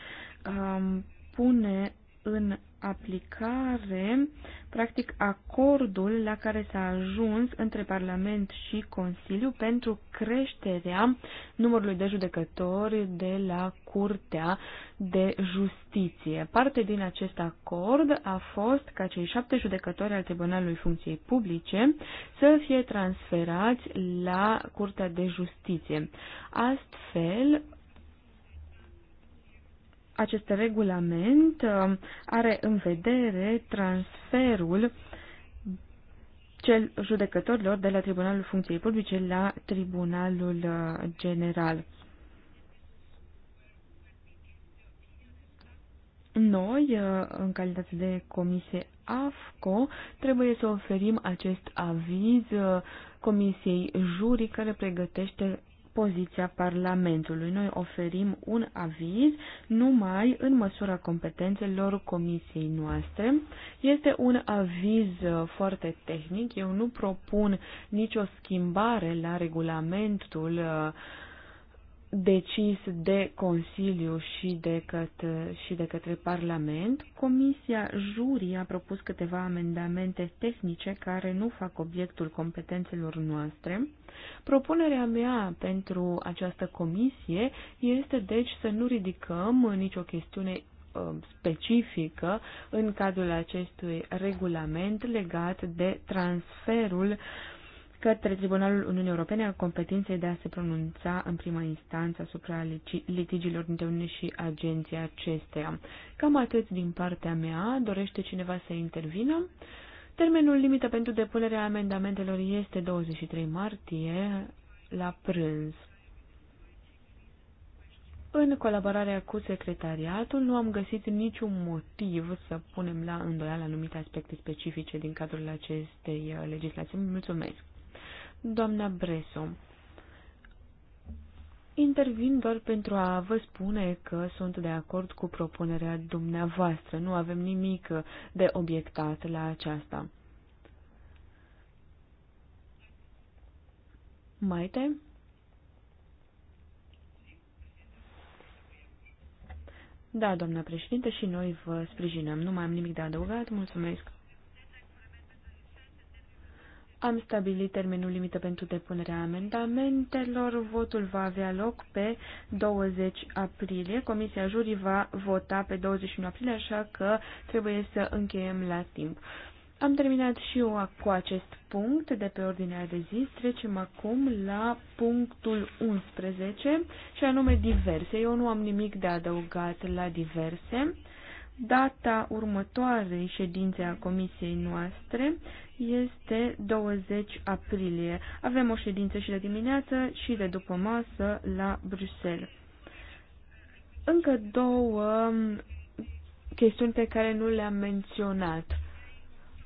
um, pune în aplicare, practic, acordul la care s-a ajuns între Parlament și Consiliu pentru creșterea numărului de judecători de la Curtea de Justiție. Parte din acest acord a fost ca cei șapte judecători al Tribunalului Funcției Publice să fie transferați la Curtea de Justiție. Astfel, acest regulament um, are în vedere transferul cel judecătorilor de la Tribunalul Funcției Publice la Tribunalul uh, General. Noi, uh, în calitate de comisie AFCO, trebuie să oferim acest aviz uh, comisiei juri care pregătește poziția Parlamentului. Noi oferim un aviz numai în măsura competențelor comisiei noastre. Este un aviz uh, foarte tehnic. Eu nu propun nicio schimbare la regulamentul uh, decis de Consiliu și de către, și de către Parlament, Comisia Jurii a propus câteva amendamente tehnice care nu fac obiectul competențelor noastre. Propunerea mea pentru această comisie este deci să nu ridicăm nicio chestiune uh, specifică în cadrul acestui regulament legat de transferul către Tribunalul Uniunii Europene al competenței de a se pronunța în prima instanță asupra litigiilor dintre Uniune și agenția acesteia. Cam atât din partea mea. Dorește cineva să intervină? Termenul limită pentru depunerea amendamentelor este 23 martie la prânz. În colaborarea cu secretariatul nu am găsit niciun motiv să punem la îndoială anumite aspecte specifice din cadrul acestei uh, legislații. Mulțumesc! doamna Bresom. Intervin doar pentru a vă spune că sunt de acord cu propunerea dumneavoastră. Nu avem nimic de obiectat la aceasta. Maite? Da, doamna președinte, și noi vă sprijinăm. Nu mai am nimic de adăugat. Mulțumesc. Am stabilit termenul limită pentru depunerea amendamentelor. Votul va avea loc pe 20 aprilie. Comisia jurii va vota pe 21 aprilie, așa că trebuie să încheiem la timp. Am terminat și eu cu acest punct de pe ordinea de zi. Trecem acum la punctul 11 și anume diverse. Eu nu am nimic de adăugat la diverse. Data următoarei ședințe a comisiei noastre este 20 aprilie. Avem o ședință și de dimineață și de după masă la Bruxelles. Încă două um, chestiuni pe care nu le-am menționat.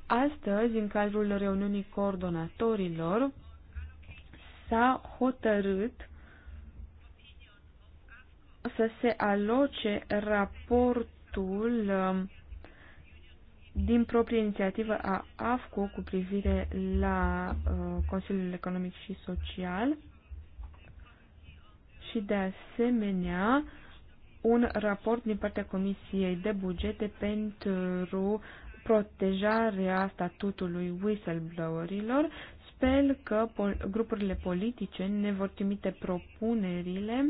Astăzi, în cadrul reuniunii coordonatorilor, s-a hotărât să se aloce raportul um, din proprie inițiativă a AFCO cu privire la uh, Consiliul Economic și Social și de asemenea un raport din partea Comisiei de Bugete pentru protejarea statutului whistleblowerilor. Sper că pol grupurile politice ne vor trimite propunerile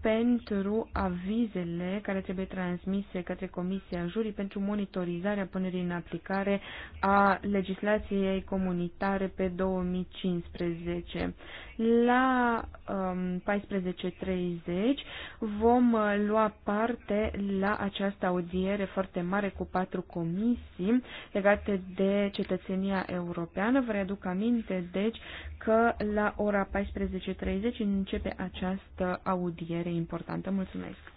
pentru avizele care trebuie transmise către Comisia Jurii pentru monitorizarea punerii în aplicare a legislației comunitare pe 2015. La um, 14.30 vom uh, lua parte la această audiere foarte mare cu patru comisii legate de cetățenia europeană. Vă aduc aminte, deci, că la ora 14.30 începe această audiere importantă. Mulțumesc!